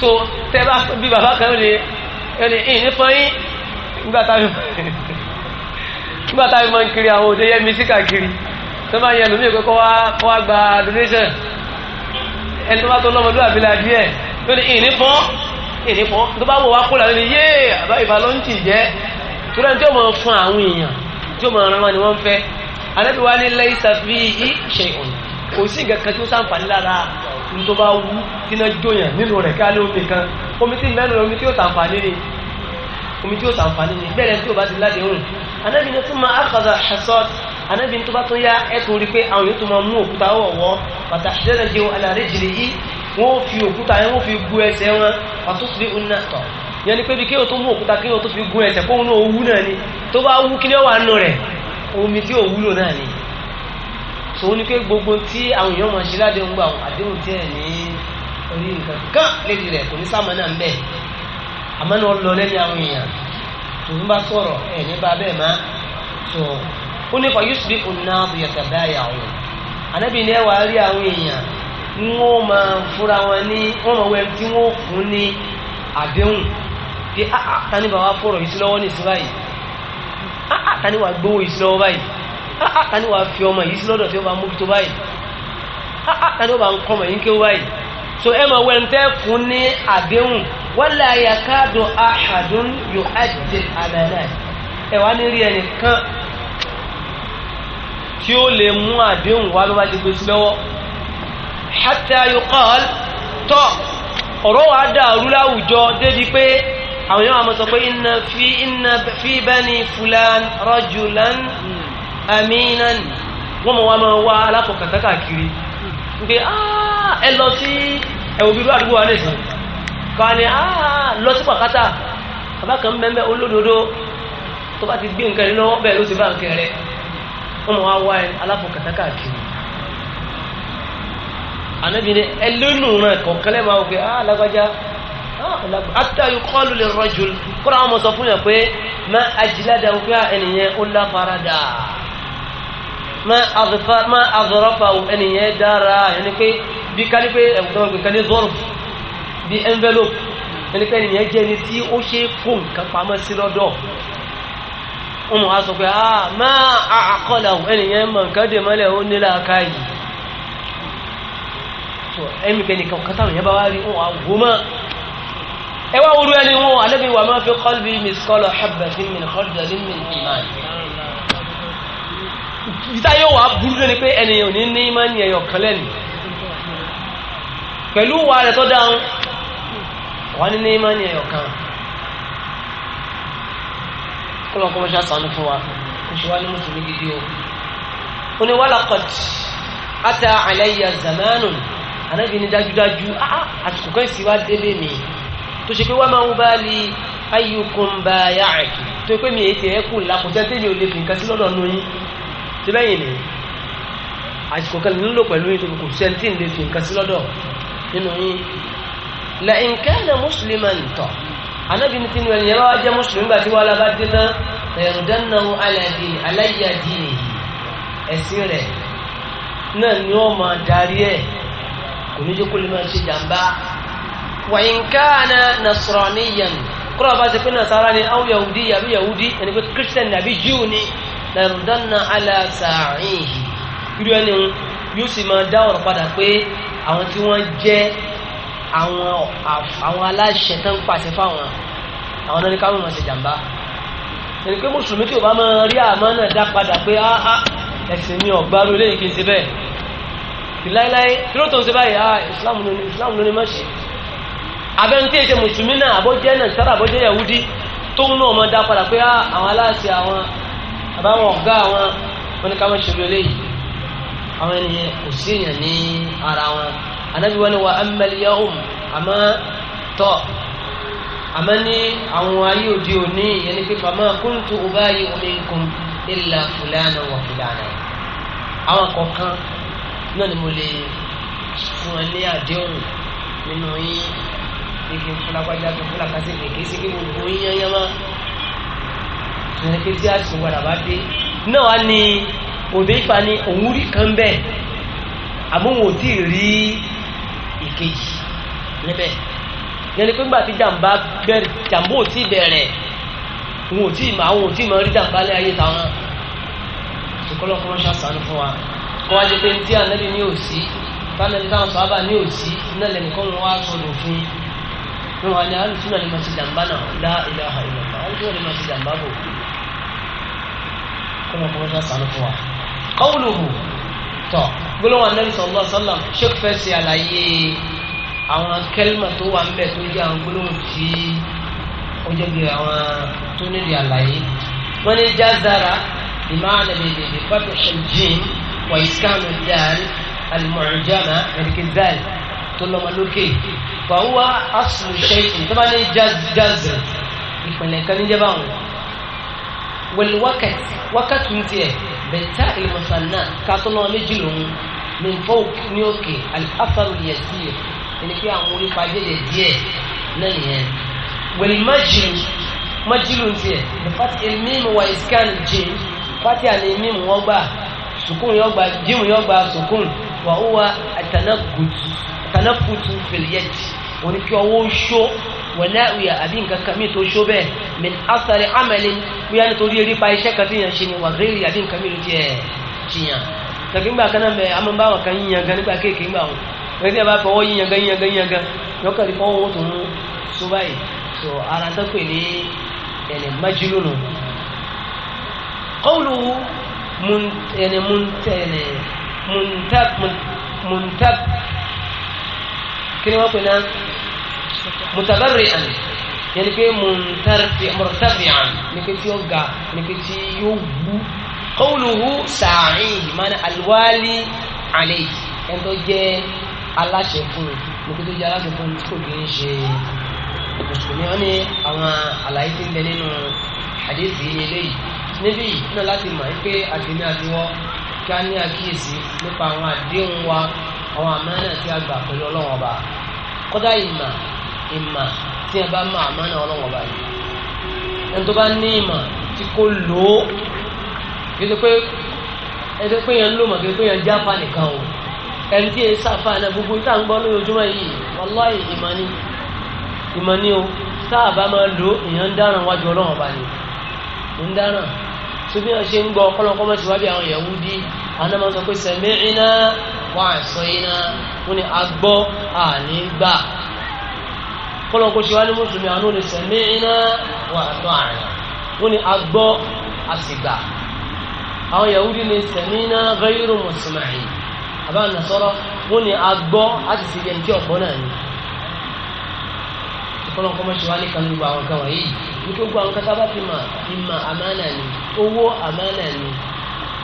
so tẹ bá bí bàbá kan ó ní ẹni ìní fọn yín nígbà táwọn nígbà táwọn máa ń kiri àwọn òde yẹmi sí káàkiri tó máa yẹ lómi ìkọ́kọ́ wá wá gba donation ẹni tó bá tó lọ́mọdé àbílẹ̀ adìẹ ó ní ìní fọn èdè pọ̀ tó bá wò wá kó làwọn ènìyàn yéé àbá ìbá ló ń tì jẹ́ tó lẹ́nu tí ó máa fún àwọn èèyàn tí ó máa ran wọn ni wọ́n fẹ́ alẹ́bí wa ní lẹ́yìn sàfi yí ṣe ìhùn kò sí nǹkan kan tí ó sàǹfààní lára tó bá wú kí náà jóyàn nínú rẹ̀ ká lé omi kan omi tí mẹ́nu omi tí ó sàǹfààní ni omi tí ó sàǹfààní ni bẹ́ẹ̀ tí ó bá ti láti rùn anábì ní tó máa àkàzà hasad anábì ní tó bá tó yá ẹ̀ tó rí pé àwọn yóò tó máa mú òkúta wọ̀wọ́ pàtàkì wọ́n fi òkúta yẹn wọ́n fi gu ẹsẹ̀ wọn àtúntò ọ̀nà tọ̀ yẹn ni pé bí kéwòn tó mú òkúta kéwòn tó fi gun ẹsẹ̀ kóhun náà owú náà ni tó bá wú kí ni ó wà nù rẹ̀ omi tí ò wúlò náà ni sòwò ni pé gbogbo tí àwọn èèyàn máa ṣe ládéhùn gbà àdéhùn tí ẹ̀ ní orí nǹkan kan lédi rẹ̀ kò ní sáàmù náà ń bẹ̀ àmọ́ ní ọlọ lẹ́nu àwọn èèyàn tòun bá sọ̀rọ̀ ẹ̀ ní bẹ́ẹ̀ má sọ ó ní fa yusuf ọ̀nà àbúyàtà báyà ọ̀hún anábìnrin ẹ̀ wà á rí àwọn èèyàn ń ó máa fúnra wọn ní wọ́n máa wọ ẹni tí wọ́n fún ní àdéhùn pé àtàní ah, ah, bàbá fọ̀rọ̀ yìí sí lọ́wọ́ ní ìsìn báyìí àtàní ah, wàá gbowó yìí sí lọ́wọ́ báyìí àtàní wàá fi ọmọ yìí sí lọ́dọ̀ tí ó bá mójútó báyìí àtàní ó bá ń kọ́ ọmọ yìí ń báyìí so ẹ máa wọ ẹni tẹ́ fún ní àdéhùn wala yakadu ahadun yu'addi al-amanat ẹ wá ní rí ẹnìkan tí ó lè mú àdéhùn wá ló bá ti gbé sí hatta yuqal tọ́ ọ̀rọ̀ wa dàrú láwùjọ débi pé àwọn yóò máa sọ pé inna fi inna fi bani fulan rajulan aminan wọ́n mọ̀ wá máa wá alákọ̀ọ́kàtà káàkiri pé ah, ẹ lọ sí ẹ̀wọ̀n bíbá àdúgbò wa nìsín kan ni lọ sí pàkátà bàbá kan mẹ́mẹ́ olódodo tó bá ti gbé nǹkan ní lọ́wọ́ bẹ́ẹ̀ ló ti bá nǹkan rẹ̀ wọ́n mọ̀ wá wá alákọ̀ọ́kàtà káàkiri anabi ni ẹlẹ́nu náà kọ̀ọ̀kan lẹ́ẹ̀ máa wò pé ah lágbájá ata yóò kọ́ọ̀lù lè rọ́jò kúrò àwọn ọmọ sọ fún yàn pé má ajìládà wò pé ah, ẹnìyẹn ó láfaradà má azọrọ́fà wò ẹnìyẹn dára ẹni pé bí kálí pé ẹ̀wọ̀n gbé kálí zọ́rù bí envelope ẹni pé ẹnìyẹn jẹ́ ẹni tí ó ṣe kó nǹkan pamọ́ sí lọ́dọ̀ wọn mọ̀ á sọ pé ah má àkọlà ẹnìyẹn mọ̀ nǹkan dè mọ́lẹ̀ ó nílà káyìí ẹnìkẹ́ni kankan táwọn yẹn bá wá rí wọn wá wò mọ́ ẹ wá wúru ẹni wọn alẹ́bí wà máa fi qalbi misqala habbatin min khardalin min iman. ìta yóò wá burú lónìí pé ẹnìyàn ò ní ní ìmọ̀ ní ẹ̀yọ̀ kan lẹ́nu pẹ̀lú wa rẹ̀ tó dáhùn wà ní ní ìmọ̀ ní ẹ̀yọ̀ kan kọlọ kọmọ ṣe àtàánú fún wa kò ṣe wá ní mùsùlùmí gidi o. ó ní wàlàkọ̀tì ata alayya ànábì ní dájúdájú ah, ah, àsìkò kan sì wá délé mi tó ṣe pé wá máa ń bá lè ayíkun bá yá àkì tó pé mi èyí ti ẹ̀kú làkùnjẹ́ tẹ́lẹ̀ ò lè fi nǹkan sí lọ́dọ̀ nù yín tí bẹ́yìn ni àsìkò kan nílò pẹ̀lú yín tó kò sẹ́ńtì lè fi nǹkan sí lọ́dọ̀ nínú yín la nkana musliman tọ anabi ni tinu ẹni yaba wajẹ muslim gbati wala ba dina ẹrudan na wo aladi oníjó kó lè máa ṣe jàmbá wàyínkáàna nasraniyan kúrò bá ṣe pé nasara ni àwọn yahudi yàbí yahudi ẹni pé christian nàbí jew ni lẹ́rùndánná aláṣàáhìn irú ẹni yóò sì máa dá ọ̀rọ̀ padà pé àwọn tí wọ́n jẹ́ àwọn aláṣẹ tó ń pàṣẹ fáwọn àwọn náà ní káwọn máa ṣe jàmbá ẹni pé mùsùlùmí tí ò bá máa rí àmọ́ náà dá padà pé ẹ̀sìn mi ọ̀gbárò lẹ́yìn kí n ṣe bẹ́ẹ̀ láíláí kí ló tó ń ṣe báyìí ah islam ló ní islam ló ní má ṣe abẹ́nu tí èsè mùsùlùmí náà àbójẹ́ nàìjíríà àbójẹ́ yahudi tó ń ná ọmọ dá padà pé ah, àwọn aláṣẹ àwọn àbáwọn ọ̀gá àwọn wọn ni ká má ṣe lólè yìí àwọn ènìyàn kò sí èèyàn ní ara wọn anábì wọn ni wà á mẹ́lẹ̀ yahum àmọ́ tọ́ àmọ́ ní àwọn ayé òde òní ìyẹn ni pé fama kuntu ubayi minkum illa fulana wa fulana àwọn kọ̀ọ̀kan náà ni mo lè fún ẹ ní àdéhùn nínú yín kí n fún lágbájá kí n fún làkàtì kì í sí kí gbogbo yín yán yán mọ́ ìrìn pé tí àsìkò padà bá dé náà wá ní òde ìfà ni òun rí kan bẹ́ẹ̀ àmọ́ wọn ò tí ì rí ìkejì níbẹ̀ yẹni pé ńgbà tí jàǹbá bẹ̀rẹ̀ jàǹbá ò tí ì bẹ̀rẹ̀ wọn ò tí ì mọ àwọn ò tí ì mọ rí jàǹbá lé táwọn ṣùkọ́lọ́ ṣàṣàánú fún wa tó wá jẹ pé tí ànábì ní òsì fáńdẹ́bí táwọn sọ́ábà ní òsì iná lẹ́nìkan wọn wá sọ lòfin ní wọn ni alùpùpù náà lè máa ti jàǹbá náà lá ilé ọ̀hà ilé ọ̀hà alùpùpù náà lè máa ti jàǹbá bò kó lọ́kọ́ wọn sàánú fún wa. qawluhu tọ̀ gbólóhùn ànábì sallallahu alaihi wasallam ṣé fẹ́ ṣe àlàyé àwọn kẹ́límà tó wà ń bẹ̀ tó jẹ́ àwọn gbólóhùn tí ó jẹ́ bí àwọn tó nídìí àlàyé wọ́n ní jazara ìmáà nàbẹ̀dẹ̀ fàtọ̀ ṣe jíìn وإسكان الدال المعجمة يعني كالدال تقول لهم لوكي فهو أصل شيء طبعا جز جز يقول كان يجبان والوقت وقت انتهى بالتاء المثنى كاتلو مجلون من فوق نيوكي الأثر اليسير يعني في أمور فاجدة دي نية والمجل مجل انتهى بفتح الميم وإسكان الجيم فتح الميم وبا sukun yóò gba jíìmù yóò gba sukun wà ó wa àtànàkùtù fìlìyẹ́tì òní kí ọwọ́ ṣó wọ̀nà ìyà àbí nǹkan kan mi tó ṣó bẹ́ẹ̀ min asari amẹ́lì bóyá nítorí eré pa iṣẹ́ kan tí yàn ṣe ni wà rírì àbí nǹkan mi ló ti ẹ̀ jiyàn tàbí ńgbà kan náà bẹ amọ̀báwọn kan yíyan gan nígbà kéèké ńgbà wọn wọ́n ti bá fọwọ́ yíyan gan yíyan gan yíyan gan lọ́kàn ní fọwọ́ tó mú so báyìí so ara tó pè ní ẹ̀lẹ́májúlónù. qawluhu mun yani mun yani muntab muntab kini wa kuna mutabarri'an yani pe muntarfi murtafi'an ni pe tí ó ga ni pe tí yóò wú qawluhu sa'in mana alwali alayhi en tó jẹ́ aláṣẹ fún ni pe tó jẹ́ aláṣẹ fún ko kì í ṣe ni àwọn àlàyé tí ń bẹ nínú àdéhùn yìí eléyìí níbí yìí náà láti mọ̀ pé àdéhùn àdéhùn kí a ní àkíyèsí nípa àwọn àdéhùn wa àwọn àmánà tí a gbà pẹ̀lú Ọlọ́run Ọba kódà ìmà ìmà tí a bá mọ ma Ọlọ́run Ọba yìí ẹni tó bá ní ìmà tí kò lò ó ẹni pé yẹn lò mọ̀ kéde pé yẹn jáfa nìkan o ẹni tí yẹn ni ìmọ̀ ni o tá a bá máa lò ìyẹn ń wájú ń dáràn tó bí wọn ṣe ń gbọ́ ọ̀pọ̀lọpọ̀ mọ síwájú àwọn Yahudi àwọn ọmọ sọ pé sami'na wa asayna wọn ni agbọ́ àní gbà ọ̀pọ̀lọpọ̀ ṣe wá ní mùsùlùmí àwọn olè sami'na wa ata'na wọn ni agbọ́ àsìgbà àwọn Yahudi ni sami'na ghayru musma'in àbá nàṣọrọ wọn ni agbọ́ àti sìgbẹ̀ntì ọ̀pọ̀ náà ni ọ̀pọ̀lọpọ̀ mọ síwájú kan ní gbogbo àwọn kan wọ̀nyí gbogbo àwọn kankan bá ti mà ìmà àmánà ni owó àmánà ni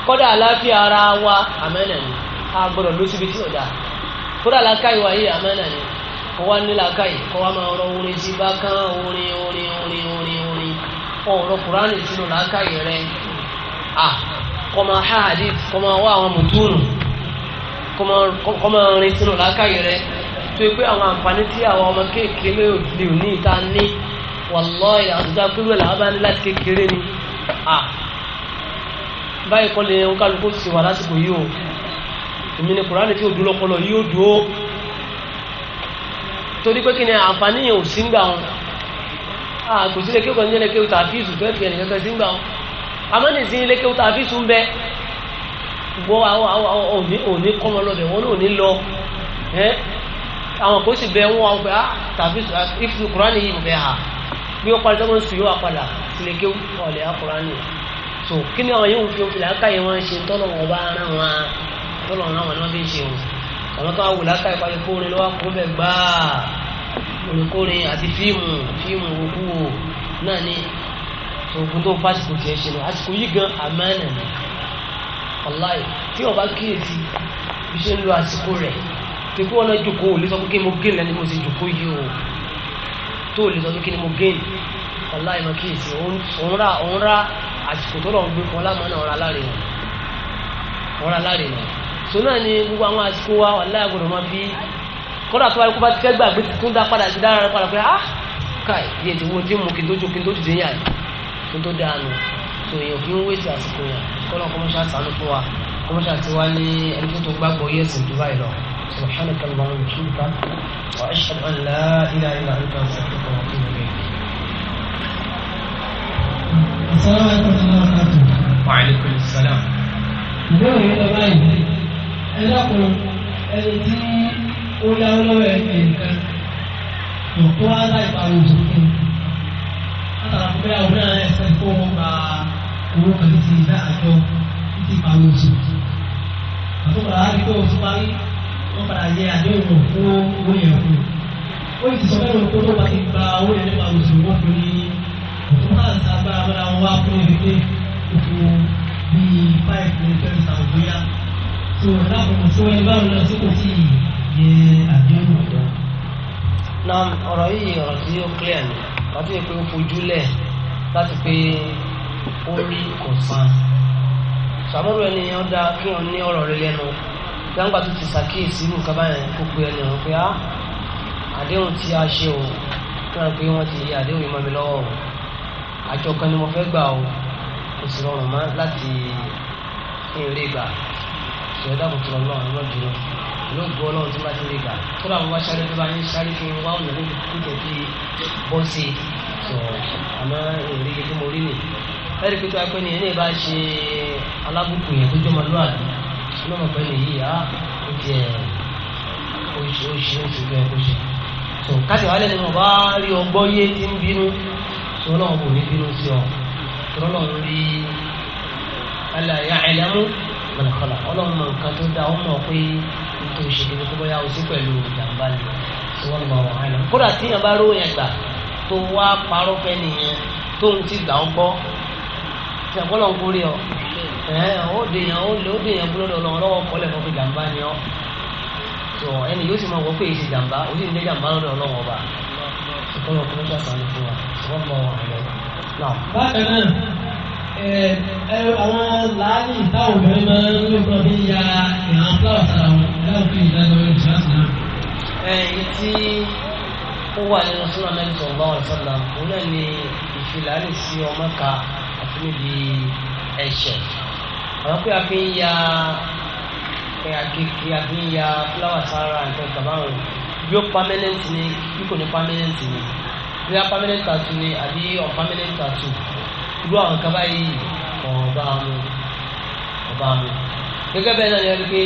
kọ́dà àláfíà ara wa àmánà ni a gbọ́dọ̀ ló síbi tí ò dáa kódà làákàyè wáyé àmánà ni kọ́ wá ní làákàyè kọ́ wá máa rọ orin sí bá kán orin orin orin orin orin ọ̀rọ̀ kùránì sínú làákàyè rẹ à kọ́ máa há hadith kọ́ máa wá àwọn mùtúùnù kọ́ máa rin sínú làákàyè rẹ tó yẹ pé àwọn àǹfààní tí àwọn ọmọ kéèké lè òní ìta ní wàlọ́ọ̀yì àtúntò akérò làwọn bá ní láti kékeré ni à báyìí kọ́ ni wọn kálukú sì wà lásìkò yìí o èmi ni kùránì tí o dúró kọlọ yìí o dúró torí pé kí ni àǹfààní yẹn ò sí ń gbà wọn kò sí lékewò ní lékewò tàfíìsù tó ẹ̀fì ẹ̀nìkan kan sí ń gbà wọn àmọ́ ní sí lékewò tàfíìsù ń bẹ gbọ́ òní kọ́mọ lọ bẹ̀ wọ́n ní òní lọ àwọn kò sì bẹ wọn àwọn pé ah, tàfíìsù ìfúsù kùránì yìí ń bẹ hà bí ó parí tó ń sùn yóò wá padà ọ̀lẹ́ akọ̀ránì so kí ni àwọn yóò fi òfin làákàyè wọn ṣe tọ́lọ̀ wọn bá ara wọn tọ́lọ̀ wọn àwọn ni ń ṣe wọn àwọn tó wò lákàyè parí kórin lọ́wọ́ kó bẹ̀ gbáà olùkórin àti fíìmù fíìmù òkú wò náà ni ogun tó fásitì tiẹ̀ ṣe ni àsìkò yìí gan amánà ni ọláì tí ọba kíyèsí bí ṣe ń lo àsìkò rẹ̀ kíkú kí mo gé jòkó yìí o tó lè sọ pé kí ni mo gain ọ̀la ìmọ̀ kíyèsí òun ra òun ra àsìkò tó lọ́n gbé fún ọlámọ náà ọ̀rá láre nù ọ̀rá láre nù so náà ni gbogbo àwọn àsìkò wa ọ̀la ìgbọ̀dọ̀ máa bí kọ́dà tó wáyé kó bá ti fẹ́ gbàgbé tún dá padà sí dára padà pé ah káì yé ti wo tí mo kí n tó jó kí n tó dìde yàn kí n tó dáa nù so èèyàn kí n wéètì àsìkò yàn kọ́lọ́ kọ́mọ́ṣáà sànú fún wa kọ́mọ́ṣáà ti wá ní ẹni tó tó gbàgbọ́ yẹ̀sìn سبحانك اللهم وبحمدك واشهد ان لا اله الا انت استغفرك واتوب اليك السلام عليكم ورحمه الله وبركاته وعليكم السلام ìbéèrè yìí lọ báyìí ẹ dákun ẹni tí ó yáwó lọ́wọ́ ẹ̀yìn nǹkan tó wá láì pa òjò fún un látara pé àwọn náà ẹsẹ̀ kó wọn gba owó kan ní ti ìdá àjọ ní ti pa òjò àtúbọ̀ àádìgbò tó parí wọ́n padà yẹ àdéhùn fún owó yẹn fún un ó sì sọ fẹ́ràn kó tó bá ti gba owó yẹn nípa oṣù wọn fún ní òtún máa ń sábà mọ́ra wọn wá fún ibi pé bíi five ní twenty thousand bóyá tó lákòókò tó ẹni báwo náà tí kò sí yẹ àdéhùn ọ̀dọ́. na ọ̀rọ̀ yìí ọ̀rọ̀ tí ó clear ni wọ́n pé ó fojú láti pé ó rí kò san sàmúlò ẹni yẹn kí wọ́n ní ọ̀rọ̀ rẹ lẹ́nu gbangba tó ti sàkíyèsí irú nǹkan báyẹn kó pe ẹni ọ̀hún pé á ah, àdéhùn tí a ṣe o kí wọ́n pe wọ́n ti yí àdéhùn yìí mọ́ mi lọ́wọ́ o àjọ kan ni mo fẹ́ gbà o kò sì rọrùn mọ́ láti eré gbà ṣe ẹ̀dá kò tọrọ lọ́rùn lọ́dún dúró ló gbọ́ ọlọ́run tí bá ti rí gbà tó làwọn wá sáré tó bá ń sáré kí n wá ọ̀nà níbi kúkẹ́ bí bọ́ tó àmọ́ èrè yìí tí mo rí nì ẹ̀rí pé tó a pé ní ẹni bá náà pẹ́ lè yí á ah, ó ti ẹ̀ ó ṣe ó ṣe ó ṣe bẹ́ẹ̀ ó ṣe tó káṣí wàá lẹ́nu ọba rí ọgbọ́ yé tí ń bínú tó náà kò ní bínú sí ọ tó náà ń rí Allah ya'lamu man khalaq ọlọ́run mọ nǹkan tó dá ọmọ pé tó ṣe kí ni kó bóyá o sí pẹ̀lú ìjàmbá ni tí wọ́n lọ ọ̀rọ̀ àìlọ́ kódà tí yẹn bá ró yẹn gbà tó wá parọ́ fẹ́ nìyẹn tó ń ti gbà ń tí àgbọ̀lọ̀ ń kórè ọ ẹ̀ẹ́n ó de yàn ó lè ó de yàn búlọ́dọ̀ ọlọ́run lọ́wọ́ kọ́lẹ̀ fún fi jàǹbá ni ọ́ tó ẹni yóò sì máa wọ pé èyí ti jàǹbá ó sì ń dé jàǹbá lọ́dọ̀ ọlọ́run ọba ìkọlọ̀ fún ọjà kan fún wa wọ́n mọ àwọn ọ̀rẹ́ bákan náà àwọn láàyè táwọn obìnrin máa ń lò fún ọdún ya ìran fúláwà sára wọn láwùjọ ìdájọ́ ìṣáàtì náà. ẹ̀yìn tí ó wà nínú súnà náà sọ̀rọ̀ bá wọn sọ̀rọ̀ òun náà ni ìfìlà ní sí ọmọ ká àti níbi ẹ̀ṣẹ̀ àwọn pé a fi ń ya àkèké a fi ń ya fúláwà sára nǹkan kàbáwọn yóò permanent ni bí kò ní permanent ni bí a permanent tattoo ni àbí on permanent tattoo irú àwọn kaba yìí ọba mu ọba mu gẹ́gẹ́ bẹ́ẹ̀ náà ni wọ́n pé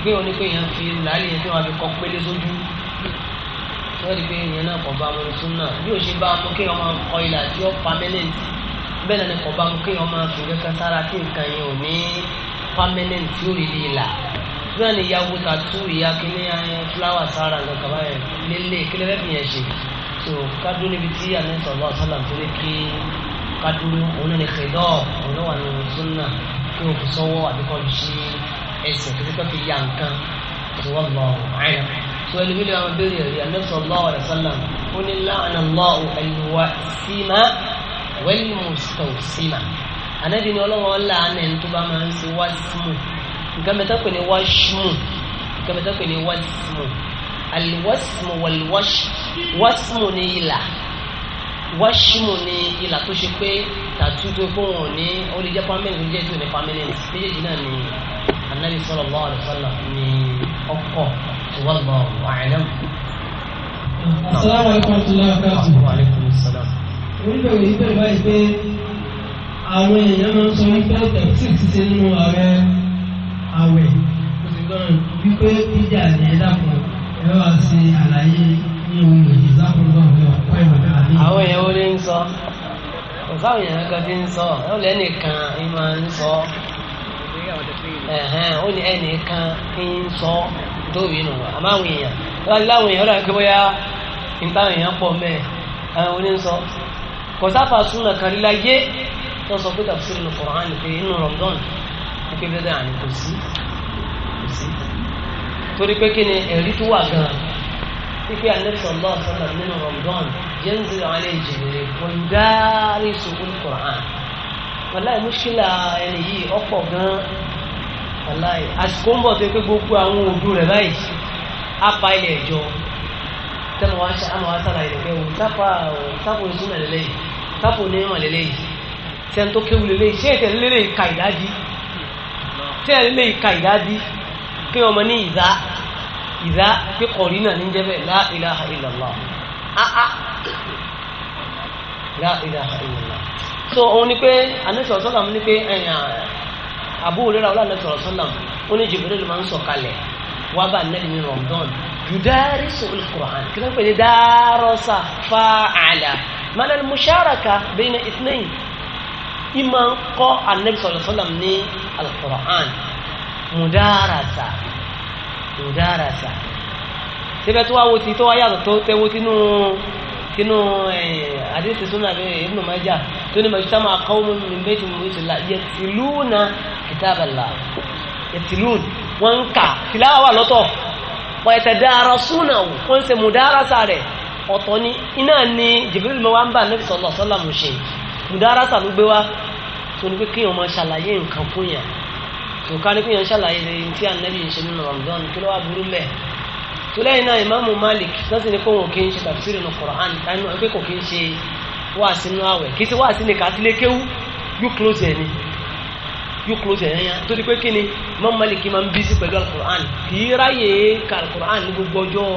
gbé wọn ni pé èèyàn fi làálì yẹn tí wọ́n fi kọ́ pélé sójú wọ́n ti pé èèyàn náà kọ́ bá mu sunna bí o ṣe bá mu kí wọ́n máa kọ ilà tí ó permanent bẹ́ẹ̀ náà ni kò bá mu kéèyàn máa fi nǹkan sára kí nǹkan yẹn ò ní permanent tí ó rí rí la bẹ́ẹ̀ ni ìyàwó tàtú ìyá kíní fúláwà sára nǹkan kaba yẹn lélẹ̀ kí lẹ́fẹ̀ẹ́ fi yẹn ṣe so kádúró níbi tí anẹ́sọ̀ ọba ọ̀sálà tó ní kí kádúró òun náà ni òun náà wà ní sunna kí o fi sọ́wọ́ àbíkọ́ lu sí ẹsẹ̀ kí lẹ́fẹ̀ẹ́ fi yà nǹkan tó wà lọ àyà so ẹni wílé àwọn béèrè rí anẹ́sọ̀ ọba ọ̀sálà ó ní láàánà lọ́ọ̀ ẹ̀lùwà síma wẹ́lmùsítọ̀símà anabi ni ọlọ́wọ́ ọ̀la ẹni tó bá máa ń ṣe wáṣímù nǹkan bẹ́ẹ̀ tó pè ní wáṣímù nǹkan bẹ́ẹ̀ tó pè ní wáṣímù aliwáṣímù wàlúwáṣí wáṣímù ní ìlà wáṣímù ní ìlà tó ṣe pé tàtú tó fún wọn ní ó lè jẹ́ pàmílì ó lè jẹ́ tí ò ní pàmílì méjèèjì náà ni anabi sallallahu alaihi wasallam ní ọkọ̀ wallahu a'lam. asalaamualeykum wa rahmatulahi wa barakatuh onígbà yìí tẹ̀ báyìí pé àwọn èèyàn máa ń sọ wípé tẹ̀sí ti ṣe nínú ààrẹ àwẹ̀ kò sì gbọ́n wípé ìjà ni ẹ dàpọ̀ ẹ wá sí àlàyé ní ohun èyí sáfún náà ní ọ̀pọ̀ ìwọ̀n àbí. àwọn èèyàn ó lè ń sọ kò sáwọn èèyàn kan ti ń sọ ó lẹ́nìkan ẹ máa ń sọ ó ní ẹnìkan ń sọ tóbi nù àmọ́ àwọn èèyàn láwọn èèyàn ó dà kọ̀sáfà súnà kan rí láyé tó sọ pé tafsir ní Kùránì pé inú Ramadan ní pé bẹ́ẹ̀ àní kò sí kò sí torí pé kí ni ẹ̀rí tó wà gan-an pípé anẹ́sọ̀ lọ́ọ̀ sọ́nà nínú Ramadan yanzil alayhi Jibril wọ́n dárí sùkúl Kùránì wàláì múṣílà ẹni yìí ọ̀pọ̀ gan-an wàláì àsìkò ń bọ̀ tó pé gbogbo àwọn òdu rẹ̀ báyìí á pa ilẹ̀ ẹ̀jọ̀ tẹ́lẹ̀ wá ṣe àmọ́ wá sára ilẹ̀ kẹ́ wò sáfà sáfà oṣù nàlẹ́ sáfò ní ìmọ̀ lélẹ̀ yìí ṣe ń tó kéwu lélẹ̀ yìí ṣé ètè lélẹ̀ yìí ka ìdájí ṣé ẹ̀ lélẹ̀ yìí ka ìdájí kí ọmọ ní ìdá ìdá pé kọ̀rí náà ní jẹ́ la ilaha illallah áá la ilaha illallah so òun ni pé anẹ́sọ̀rọ̀ sọ́làm ni pé àbúrò rẹ̀ ọlọ́ anẹ́sọ̀rọ̀ sọ́làm ó ní Jibril máa ń sọ̀kalẹ̀ wá bá anẹ́bí ní Ramadan yudarisul Qur'an kí ló ń pè ní dárọ́sà fáàlà mana musharaka bẹ́ẹ̀ni isnayin ìmọ̀ ń kọ́ anabi sallallahu alaihi wasallam ní al-Qur'an mudarasa mudarasa síbẹ̀ tó wá wo ti tó wá yàtọ̀ tó tẹ́wọ́ tínú tínú àdéhùn sísúnà Ibn Majah tó ní majtama qawmun min baytin min buyutillah yatluna kitaballah yatlun wọ́n ń kà tìláwà wà lọ́tọ̀ wọ́n yatadarasunahu wọ́n ń ṣe mudarasa rẹ̀ ọ̀tọ̀ ni iná ni Jibril mọ́ wa ń bá Nabi sallallahu alaihi wasallam ṣe mudarasa ló gbé wa tó ní pé kéèyàn máa ṣàlàyé nǹkan fún yàn tòká ní kéèyàn ṣàlàyé lẹ́yìn tí Ànábì ń ṣe nínú Ramadan kí ló wá burú mẹ́ẹ̀ tó lẹ́yìn náà Imam Malik lọ́sìn ní kóhùn kí n ṣe tafsiri nínú Qur'an kánú ẹgbẹ́ kò kí n ṣe wáàsí nínú àwẹ̀ kì í ṣe wáàsí nìkan àti lékéwú yóò close ẹ̀ ni yóò close ẹ̀ yẹn tó di pé kí ni Imam Malik máa ń bí sí pẹ̀lú Al-Qur'an kì í ráyè ka Al-Qur'an ní gbogbo ọjọ́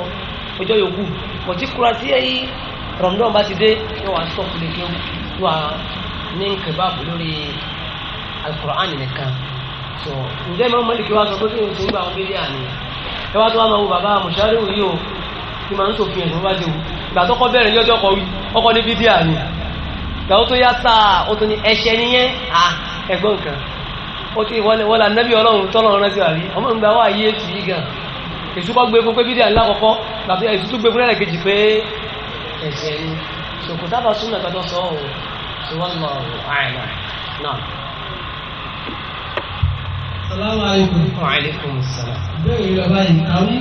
ọjọ́ yòókù kò tí kura sí èyí rọ̀mùdọ́n bá ti dé yóò wá sọ fúnni kí ó wà ní kẹbáàbù lórí alukur'an nìkan so ǹjẹ́ ìmọ̀ mọ́lìkì wa sọ pé kí n tún gba àwọn bíbí àná ẹ wá tó wá máa wo bàbá mùsàlùmí yìí o kí màá ń sòfin ẹ̀sìn wá sí o ìgbà tó kọ́ bẹ̀rẹ̀ ní ọjọ́ kọ wí ọkọ ní bíbí àná ìgbà tó yá sáà ó tún ní ẹ̀ṣẹ̀ nìyẹn à ẹ̀gbọ́n kan ó ti wọlé wọlé anábì ọlọ́run tọ́lọ́run rántí wà rí ọmọ ìgbà wà yé èsì yìí gan èsù kọ́ gbé fún pé bídíà ńlá kọ́kọ́ tàbí èsù tó gbé fún ẹ̀rẹ̀ kejì pé ẹ̀sẹ̀ ni ṣòkò tábà súnmọ̀ ìtọ́jọ́ sọ ọ̀rọ̀ tí wọ́n lọ ọ̀rọ̀ àìmọ̀ náà. Assalamu alaikum. Wa alaikum assalam. Bẹ́ẹ̀ ni bàbá yìí, àwọn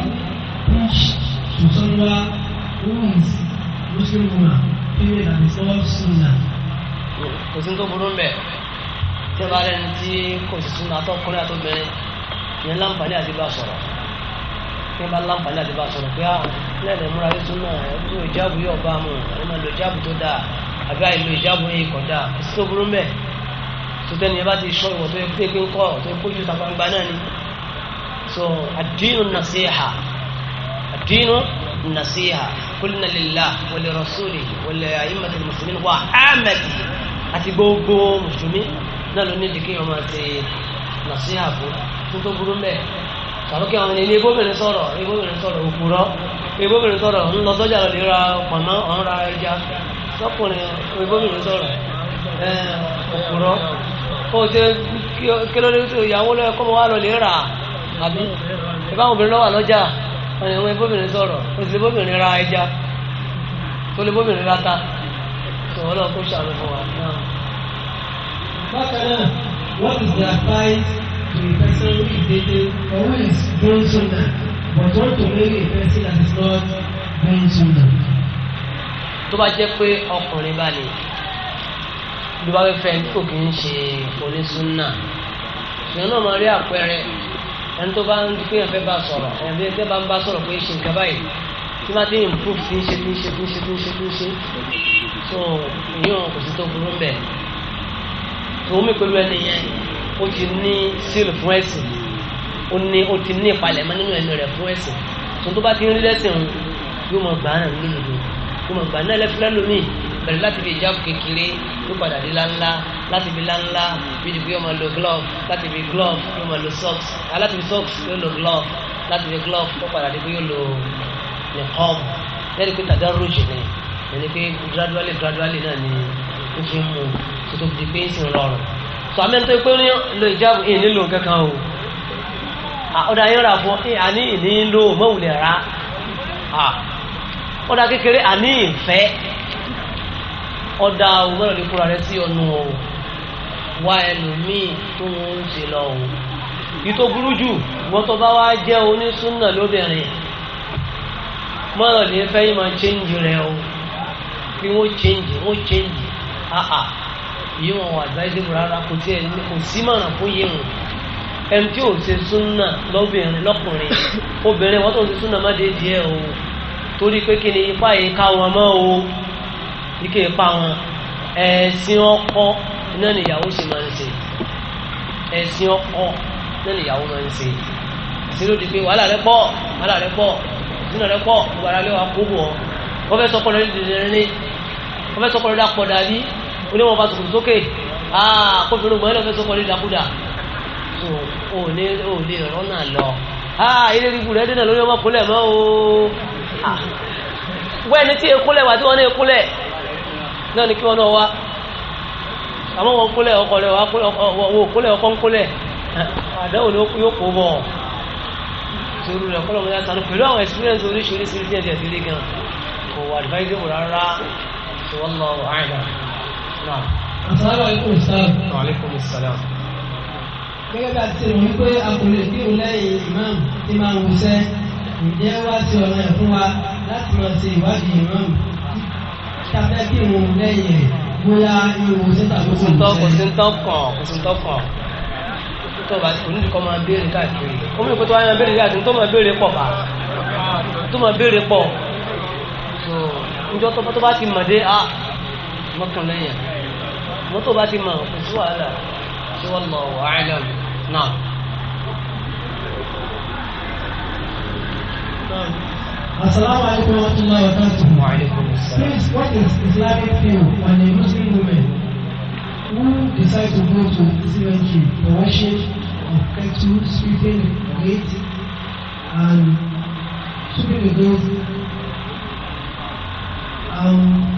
preach to someone who is Muslim woman, female Kò sí tó burú mbẹ̀, tí bá rẹ̀ ní tí kò sí sunna àtọkùnrin àtobìnrin, ìyẹn láǹfààní àti sọ̀rọ̀ tí wọ́n bá láǹfààní àti bá sọ̀rọ̀ pé ah, àwọn ẹlẹ́rìí múra yóò tún náà ẹ̀rú ìjáàbù yóò bá mu ẹ̀rú máa lo ìjáàbù tó dáa àbí àìlo ìjáàbù yìí kọ̀ dáa tó burú mẹ́ sọtẹ́ni ẹ bá ti sọ ìwọ̀ tó yẹ pé pé ń kọ́ tó kójú ta gbangba náà ni so ad-dinu nasiha ad-dinu nasiha qulna lillahi wa li rasulihi wa li a'immatil muslimin wa amati àti gbogbo mùsùlùmí náà ló ní tàbí àwọn ilé ibóbìnrin sọ̀rọ̀ ibóbìnrin sọ̀rọ̀ òkúrọ́ ibóbìnrin sọ̀rọ̀ ń lọ sọ́jà lè ra pàmò ọ̀n ra ẹja lọ́kùnrin ibóbìnrin sọ̀rọ̀ òkúrọ́ ó ṣe kí ló dé tó ìyàwó lọ́yẹ kọ́ mọ́ wá lọ lè rà àbí ìbáwọn obìnrin lọ́wọ́ lọ́jà àwọn ibóbìnrin sọ̀rọ̀ ó sì ibóbìnrin ra ẹja tó lè ibóbìnrin ra ta sọ̀rọ̀ lọ́kùnrin sàrò fún wa. bákan náà what is the advice to a person who is dating or who is doing sunnah but want to marry a person that is not doing sunnah. tó bá jẹ́ pé ọkùnrin bá ní ló bá fẹ́ fẹ́ kò kì í ṣe onísúnnà ṣùgbọ́n náà máa rí àpẹẹrẹ ẹni tó bá ń pè é fẹ́ bá sọ̀rọ̀ ẹni tó bá ń bá sọ̀rọ̀ pé ṣe nǹkan báyìí tí wọ́n ti ń improve tí ń ṣe tí ń ṣe tí ń ṣe tí ń ṣe tí ń ṣe tó ìyóò kò sí tó burú bẹ́ẹ̀ tó omi pẹ̀lú ẹni yẹn ó ti ní sílù fún ẹ̀sìn ó ní ó ti ní ìpalẹ̀mọ́ nínú ẹ̀mí rẹ̀ fún ẹ̀sìn tó tó bá ti ń rí lẹ́sìn òun yóò mọ̀ gbà náà nílùú yóò mọ̀ gbà náà lẹ́fúlẹ́ lómi bẹ̀rẹ̀ láti fi ìjáàbù kékeré yóò padà di láńlá láti fi láńlá bí ibi yóò máa lo glove láti fi glove yóò máa lo socks láti fi socks yóò lo glove láti fi glove yóò padà di pé yóò lo nìkọ́ọ̀mù lẹ́yìn pé tàdá rújì ni ẹni pé gradually gradually náà ni ó fi ń mú tó tó di pé ń sìn rọrùn sọ àmì ẹ̀ńtọ́ pé lo ìjáàbù yìí nílò kankan o ọ̀dà yẹn rà fún ẹ àní ìní ló mọ̀wùlẹ̀ rà ọ̀dà kékeré àní ìfẹ́ ọ̀dà òmùrọ̀ lè kóra rẹ sí ọ̀nà o wá ẹlòmíì tó ń ṣe lọ o yìí tó burú jù wọ́n tó bá wá jẹ́ onísúnà lóbìnrin mọ̀rọ̀ fẹ́ yìí máa ṣéǹjì rẹ o bí wọ́n ṣéǹjì wọ́n ṣéǹjì yìí wọn wà advisable rárá kò tiẹ̀ kò sí mọ̀ràn fún yìí wọn ẹni tí ò ṣe súnà lọ́bìnrin lọ́kùnrin obìnrin wọn tó ṣe súnà má dé díẹ̀ o torí pé kí ni ipá yìí ká wọn mọ́ o ike ipa wọn ẹ̀sìn ọkọ náà nìyàwó ṣe máa ń ṣe ẹ̀sìn ọkọ náà nìyàwó máa ń ṣe ṣe ló di pé wàhálà rẹ pọ̀ wàhálà rẹ pọ̀ sínú rẹ pọ̀ ìwàlá rẹ wà kó bọ̀ wọ́n fẹ́ sọ́kọ́ lórí dìde rẹ ní wọ́n fẹ́ sọ́kọ́ lórí àpọ̀dà bíi oníwọ̀n bá sọ̀rọ̀ sókè kófin rúgbọ́n ẹlẹ́fẹ́ sọ́kọ́ ní ìdàkúdà ò ní òde rọ́nà lọ ilé ríbu rẹ̀ dènà lórí ọmọ kúnlẹ̀ mọ́ o wẹ́ẹ̀ ní tí ekúlẹ̀ wà tí wọ́n ní ekúlẹ̀ náà ni kí wọ́n náà wá àmọ́ wọn kúlẹ̀ ọkọ rẹ̀ wọ́n kúlẹ̀ ọkọ ń kúlẹ̀ àdáwò ni yóò kó bọ̀ torí rẹ̀ kọ́lọ̀ mọ́ta tánú pẹ̀lú àwọn experience oríṣiríṣi ní ẹ̀dẹ̀ ìdílé gan kò wà advisable rárá wallahu a'lam náà. Assalamu alaikum sáà. Wa alaikum bí a imam tí máa ń wusẹ́ ǹjẹ́ wá sí ọ̀nà ẹ̀ fún wa láti máa ṣe ìwádìí imam tàbí kí wọn lẹ́yìn bóyá irun wusẹ́ tàbí ń tán kàn kò sí ń tó bá ti kò kọ́ máa béèrè káàkiri kò mí kò tó wáyé béèrè káàkiri tó máa béèrè pọ̀ bá tó máa béèrè pọ̀ njọ́ tó bá ti mọ̀ dé a ah, mọ̀kànlẹ́yìn. mọ́tò bá ti mọ̀ sí wàhálà wọ́n lọ náà. Please, what is Islamic view on a Muslim woman who decide to go to cemetery for worship of cattle, sweeping the gate, and sweeping the gate? Um,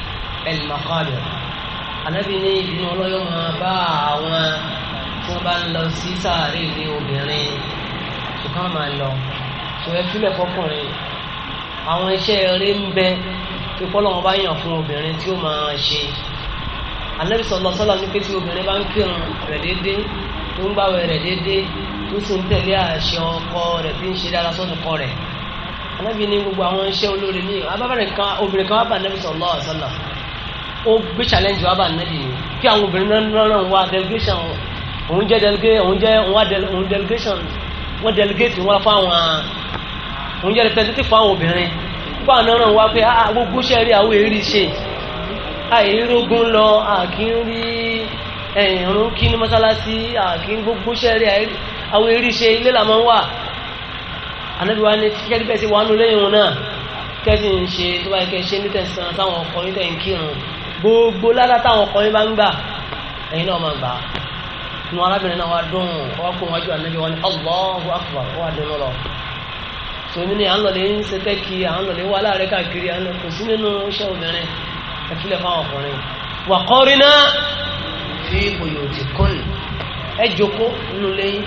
ẹlmọkọdù anabi ní ìbínú ọlọ́yọ̀ máa bá àwọn tí wọ́n bá ń lọ sí sàárè ilé obìnrin ṣùgbọ́n máa lọ sọ ẹ fílẹ̀ fọkùnrin àwọn iṣẹ́ eré ń bẹ kí kọ́lọ́wọ́n bá yàn fún obìnrin tí ó máa ṣe anabi sọlọ sọlọ ní pé tí obìnrin bá ń kírun rẹ̀ déédéé tó ń gbàwẹ̀ rẹ̀ déédéé tó sì ń tẹ̀lé àṣẹ ọkọ rẹ̀ tí ń ṣe dára sọ́dún kọ rẹ̀ anabi ní gbogbo àwọn iṣẹ́ olóore ní abábẹ́rẹ̀ kan obìnrin kan wá bá anabi sọlọ sọlọ ó gbé challenge wa bá nẹ́bí ni kí àwọn obìnrin náà náà wá delegation òun jẹ́ delegation òun jẹ́ delegation wọ́n delegate wọn fáwọn òun jẹ́ representative fáwọn obìnrin fún àwọn náà wá pé ah, ah, gbogbo iṣẹ́ rí àwọn èrì ṣe àìrógún lọ àkínrí ẹ̀rùn kí ní mọ́sálásí àkín gbogbo iṣẹ́ rí àwọn èrì ṣe ilé làmọ́ wà ànábi wa ní kíkẹ́ bẹ́ẹ̀ sí wàánu lẹ́yìn wọn náà kẹ́sì ń ṣe tó báyìí kẹ́ ṣe nítẹ̀sán táwọn ọkọ̀ nítẹ̀ ń kírun gbogbo ládá táwọn ọkùnrin bá ń gbà ẹ̀yin náà máa gbà á nu arábìnrin náà wá dùn wá kó wájú ànábi wọn ni Allahu Akbar wá dùn lọ tòun ni à ń lọlé ń ṣetẹ́ kí à ń lọlé wà láàrẹ káàkiri à ń lọ kò sí nínú iṣẹ́ obìnrin ẹ̀fílẹ̀ fáwọn ọkùnrin wà kọ́rin náà fi òyò ti kún ẹ jòkó nínú lẹ́yìn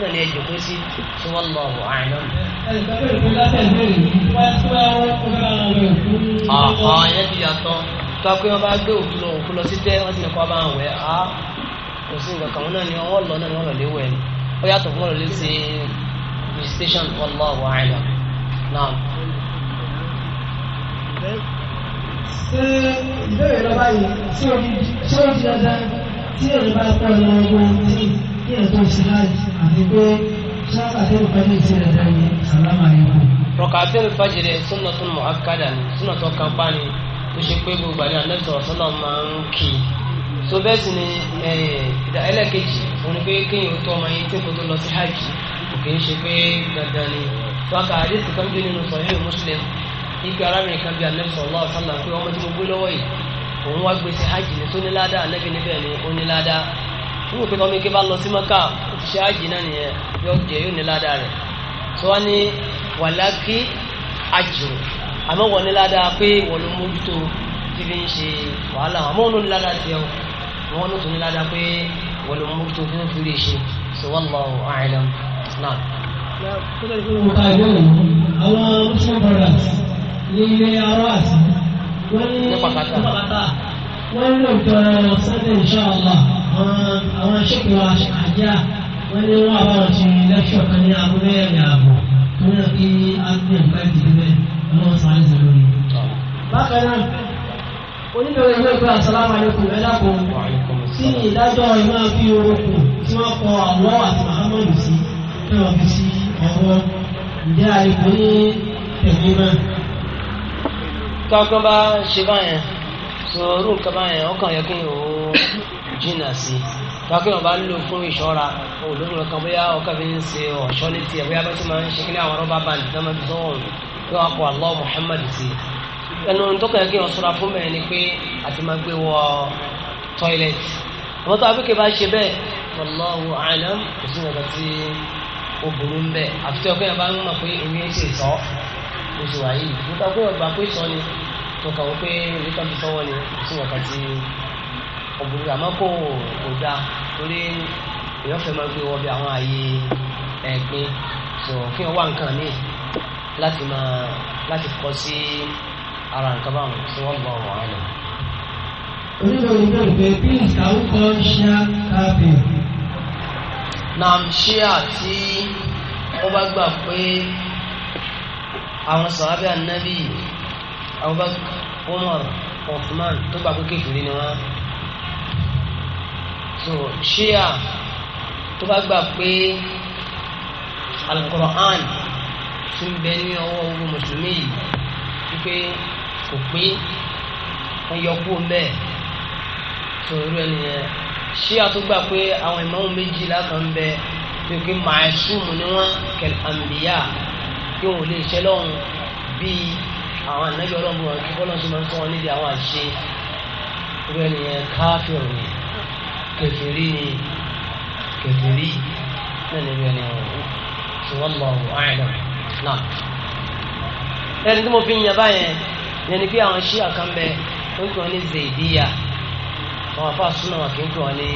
náà ni ẹ jòkó sí tí wọ́n lọ wọ àìná. ọ̀hún ẹ̀yẹ́ ti yàtọ̀ ká pé wọ́n bá gbé òkú lọ òkú lọ sí tẹ́ wọ́n ti nìkan bá ń wẹ̀ á kò sí nǹkan kan wọn náà ni wọ́n lọ náà ni wọ́n lọ lé wẹ̀ ni ó yàtọ̀ fún wọn lọ lé sí visitation Allahu a'lam náà. ṣé ìbéèrè lọ báyìí ṣé o ti dandan tí èdè bá pọ̀ lọ ọgbọ́n tí kí ẹ̀ tó ṣe láì àti pé ṣáàkàtẹ́rù fẹ́lẹ́ ṣe rẹ̀ dání sàlámà yẹn. rọ̀kàtẹ́rù fàjẹrẹ sunnatun mu'akkada ni sunnatun kan pa ni. tó ṣe pé gbogbo àdé àlẹ́sọ̀ ọ̀sọ́lọ̀ máa ń kì í tó bẹ́ẹ̀ sì ni ẹlẹ́kejì òun ni pé kéèyàn tó ọmọ yẹn tí kò tó lọ sí hajj kò kì í ṣe pé dandan ni wákà àdéhùn kan bí nínú sọ̀rọ̀ Muslim ibi arábìnrin kan bí àlẹ́sọ̀ ọ̀lá pé ọmọ tí mo gbé lọ́wọ́ yìí òun wá gbé sí hajj tó ní níbẹ̀ ni ó ní fún ike bá lọ sí maka ṣe hajj náà nìyẹn yóò jẹ yóò ní ládàá rẹ̀ tó wá ní wàlákì àmọ́ wọ́n ní ládàá pé wọ́n ló mójútó tí fi ń ṣe wàhálà àmọ́ wọ́n ló ní ládàá tiẹ̀ o wọ́n ló tún ní ládàá pé wọ́n ló mójútó tí wọ́n fi lè ṣe sọ wallahu a'lam náà. mo ka ìgbẹ́ yìí àwọn muslim brothers ní ilé arọ́ àti wọ́n ní pàkàtà wọ́n ní òtọ́ sunday inshàlá àwọn aṣèkè àjà wọ́n ní wọ́n àbáwọn ti lẹ́ṣọ̀ kan ní abúlé ẹ̀yà àbọ̀ wọ́n ní kí á gbé nǹkan ìdílé bẹ́ẹ̀ ọlọ́run sọ àlẹ́ sọ̀rọ̀ yìí. bákan náà oníbẹ̀rẹ̀ ilé ìgbà sálámà yòókù ẹ dákun sí ní ìdájọ́ iná bí orokùn tí wọ́n kọ àwọn àti mahamadu sí kí wọ́n fi sí ọwọ́ ìdí àìkú ní tẹ̀lé náà. tọ́gbọ́n bá ṣe báyẹn sọ̀rọ̀ nǹkan báyẹn ọkàn yẹ kí n ò jìnnà sí i tọ́kẹ́ wọn bá ń lò fún ìṣọ́ra olóògùn kan bóyá yóò wá kó allah muhammad sí ẹnu tó kàn kí wọn ṣọ́ra fún mẹ́rin ni pé àti máa gbé wọ tọ́ìlẹ̀tì àwọn tó abúké bá ṣe bẹ́ẹ̀ wallahu alam kò sí nǹkan tí ó burú ń bẹ̀ àfi tí ọkọ yẹn bá ń mọ̀ pé èmi ń ṣe sọ ó ṣe wáyé mo ta pé ọgbà pé sọ ni tó kàn wọ́n pé èmi kan fi sọ́wọ́ ni kò sí nǹkan tí ó burú àmọ́ kò kò dáa torí èèyàn fẹ́ máa gbé wọ bí àwọn ààyè ẹ̀gbin so kí wọ́n wá nǹkan míì láti máa láti kọ sí ara nǹkan báwọn tí wọ́n gbọ́ wọ́n lọ. onígbà wo bẹ́ẹ̀ bẹ́ẹ̀ nam ṣíà tí ó bá gbà pé àwọn sàhábẹ́ ànábì Abubakar Umar Uthman tó gbà pé kékeré ni wọ́n. so ṣíà tó bá gbà pé Al-Qur'an tí ń bẹ ní ọwọ́ ogun mùsùlùmí yìí wípé kò pé wọ́n yọ kú mẹ́ẹ̀ tó irú ẹni yẹn ṣé àtúgbà pé àwọn ìmáàmù méjìlá kan bẹ tó pé màásùmù ni wọ́n kẹlẹ àmìlíyà kí wọn ò lè ṣẹ́ lọ́hùn bíi àwọn ànájọ́ ọlọ́run wọn kí bọ́lá ṣe máa ń sọ wọn níbi àwọn àṣe irú ẹni yẹn káfíọ̀ ni kẹfìrí ni kẹfìrí náà níbi ẹni wọn ṣùgbọ́n lọ́wọ́ àìlọ́wọ́ náà ẹni tí mo fi yàn báyẹn yẹn ni pé àwọn ṣí àkànbẹ ó ń pè wọn ní zèdíyà àwọn afa súnà wọn kì í pè wọn ní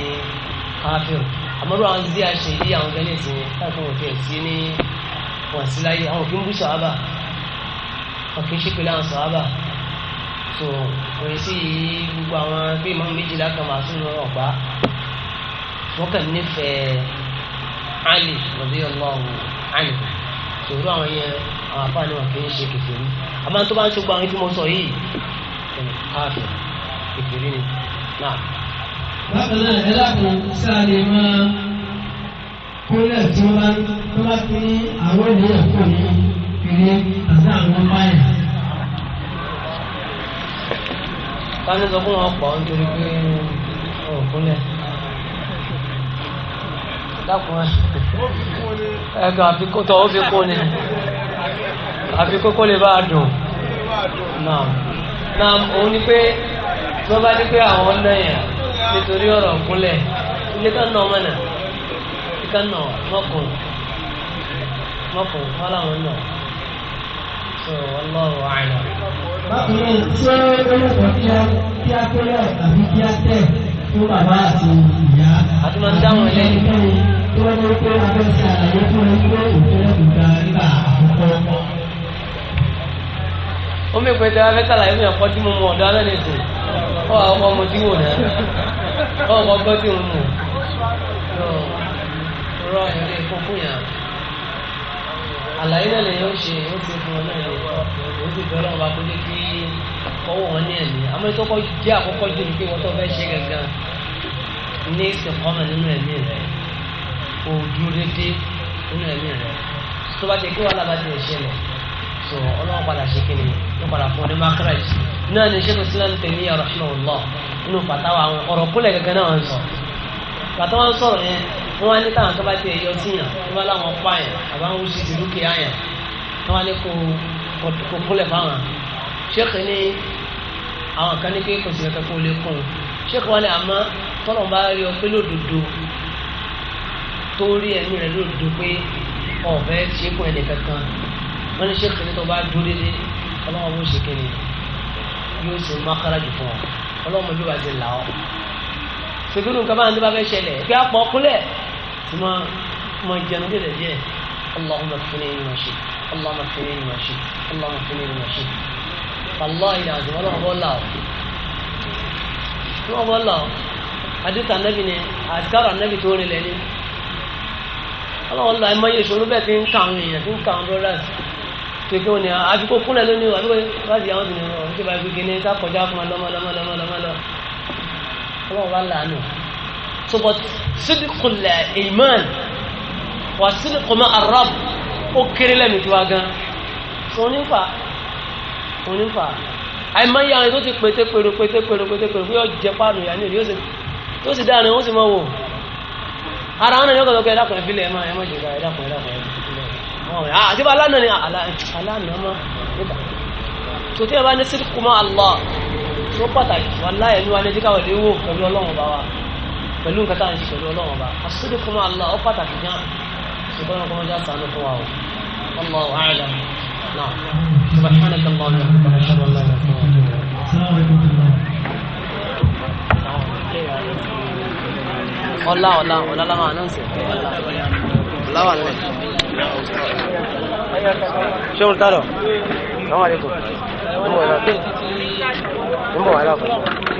káfíò àmọ́rú àwọn zíà ṣe ìdí àwọn ọ̀gá ní ìsìn láti wọn kì í sí ní wọn sí láyé àwọn kì í bú sọ̀hábà wọn kì í ṣe pẹ̀lú àwọn sọ̀hábà so òye sí gbogbo àwọn bí ìmọ̀ méjìlá kan máa tún lọ́rọ̀ gbá wọn kàn nífẹ̀ẹ́ Ali radiyallahu anhu sòrò àwọn yẹn àwọn afáàní wọn kì í ṣe kèfèrí àmọ́ tó bá ń ṣogbó àwọn tí mo sọ yìí káàfì kèfèrí ni náà. bákan náà ẹ lákun sáà lè máa kólẹ̀ tí wọ́n bá tó bá ti ní àwọn ènìyàn kò ní kiri àti àwọn báyà. ká ló sọ fún wọn pọ̀ nítorí pé wọn ò kúnlẹ̀ dákun ẹ̀gàn àfikótọ́ ó fi kó ni àfikókó lè bá a dùn náà náà òun ni pé tí wọ́n bá ní pé àwọn náà yẹn nítorí ọ̀rọ̀ kúnlẹ̀ ilé kan náà mọ̀nà ilé kan náà mọ̀kùnrin mọ̀kùnrin wọn làwọn náà sọ ọlọ́run àìlọ́. bákan náà ṣé ó lè sọ kí a kí a tó lẹ̀ tàbí kí a tẹ̀ fún bàbá àti ìyá. àti máa ń dáhùn ilé. tí wọ́n ní pé abẹ́ ti àlàyé fún ẹ pé òfin kò gba rírà àkọ́kọ́. ó mi pé dáa fẹ́ sàlàyé mi ọ̀pọ̀ tí mo mọ̀ ọ̀dọ́ alẹ́ nìkan ọ̀ àwọn ọmọ tí wò náà ọ̀ ọ̀pọ̀ gbọ́ tí mo mọ̀ rọ ẹ̀rí kókó yẹn àlàyé náà lè yọ ṣe ó ti fún ọ náà lè ó sì fẹ́ lọ́wọ́ bá tó dé kí ọwọ́ wọn ní ẹ̀mí àmọ́ ìtọ́kọ́ jẹ́ àkọ́kọ́ jù ní pé wọ́n tó fẹ́ ṣe gangan ní ìsìnkọ́mọ̀ nínú ẹ̀mí rẹ̀ kò dúró dédé nínú ẹ̀mí rẹ̀ tó bá ti kí wàhálà bá ti lè ṣẹlẹ̀ tó ọlọ́run padà ṣe kí ni ló padà fún ọdún makaraj náà ní sẹ́kù sílẹ̀ ń tẹ̀lé ọ̀rọ̀ ṣẹlẹ̀ ọ̀lọ́ nínú pàtàwọ̀ àwọn ọ̀rọ̀ kúlẹ̀ gangan náà ń sọ pàtàwọ̀ ń sọ̀rọ̀ yẹn wọ́n wá ní táwọn tó bá ti yọ síyàn tó bá láwọn pààyàn àbáwọn wúṣí ti dúkìá yẹn wọ́n wá ní kó kúlẹ̀ fáwọn sheikh ni àwọn kan ní pé kò sí kankan kó lè kún un sheikh wa ni àmọ́ tọ́lọ̀ bá rí ọ pé lódodo tó rí ẹ̀mí rẹ̀ lódodo pé ọ̀fẹ́ ṣe kún ẹnì kankan wọ́n ní sheikh ni tó bá dúró délé ọlọ́wọ́ bó ṣe kéde yóò ṣe mákàrà jù fún ọ ọlọ́wọ́ bí wàá ṣe là ọ. sèkúrú nǹkan bá ń dábàá fẹ́ ṣẹlẹ̀ kí á pọ̀ tí mo mo jẹun díẹ̀ díẹ̀ Allahumma fini ni mo ṣe Allahumma fini ni mo ṣe Allahumma fini ni mo ṣe wàláhì àdìmọ́ náà bọ́ là ọ́ náà bọ́ là ọ́ àdìsá nẹ́bì ni àdìkárà nẹ́bì tó rìn lẹ́ni ọlọ́wọ́n lọ ẹmọ yìí ìṣòro bẹ́ẹ̀ fi ń ka àwọn èèyàn fi ń ka àwọn brothers tó kí wọ́n ní àfikún kúnlẹ̀ lónìí wà lóye láti àwọn ènìyàn ọ̀hún tó bá gbé kíní ká kọjá fún wa lọ́mọ lọ́mọ lọ́mọ lọ́mọ lọ ọlọ́wọ́n wà lánàá so but sídìkùnlẹ̀ iman wà sídìkùnmọ́ arab ó kéré lẹ́nu tó wa gan so nípa onífà àìmọye àwọn tó ti pété pèrò pété pèrò pété pèrò pé ọjẹ páànù ìyá ní èdè tó sì dáa ni wọn sì mọ wò ara wọn náà yọkọ lọkọ ẹdá kan ẹbí lẹ ẹ máa ẹ máa jẹba ẹdá kan ẹdá kan ẹbí lẹ ah, àti bá alánà ni alánà máa níta tó tí ẹ bá ní sídìkú máa lọ tó pàtàkì wà láyé ní wa ní jíkàwé lè wò pẹ̀lú ọlọ́run bá wa pẹ̀lú nǹkan tá à ń ṣe pẹ̀lú ọlọ́run bá a sídìkú máa lọ ó pàtàkì gan ṣùgbọ́n ọkọ̀ wọn já الله اعلم نعم سبحانك اللهم وبحمدك اشهد ان لا اله الا انت السلام عليكم والله لا والله لا انسى والله والله شغل السلام عليكم هو علاقه هو علاقه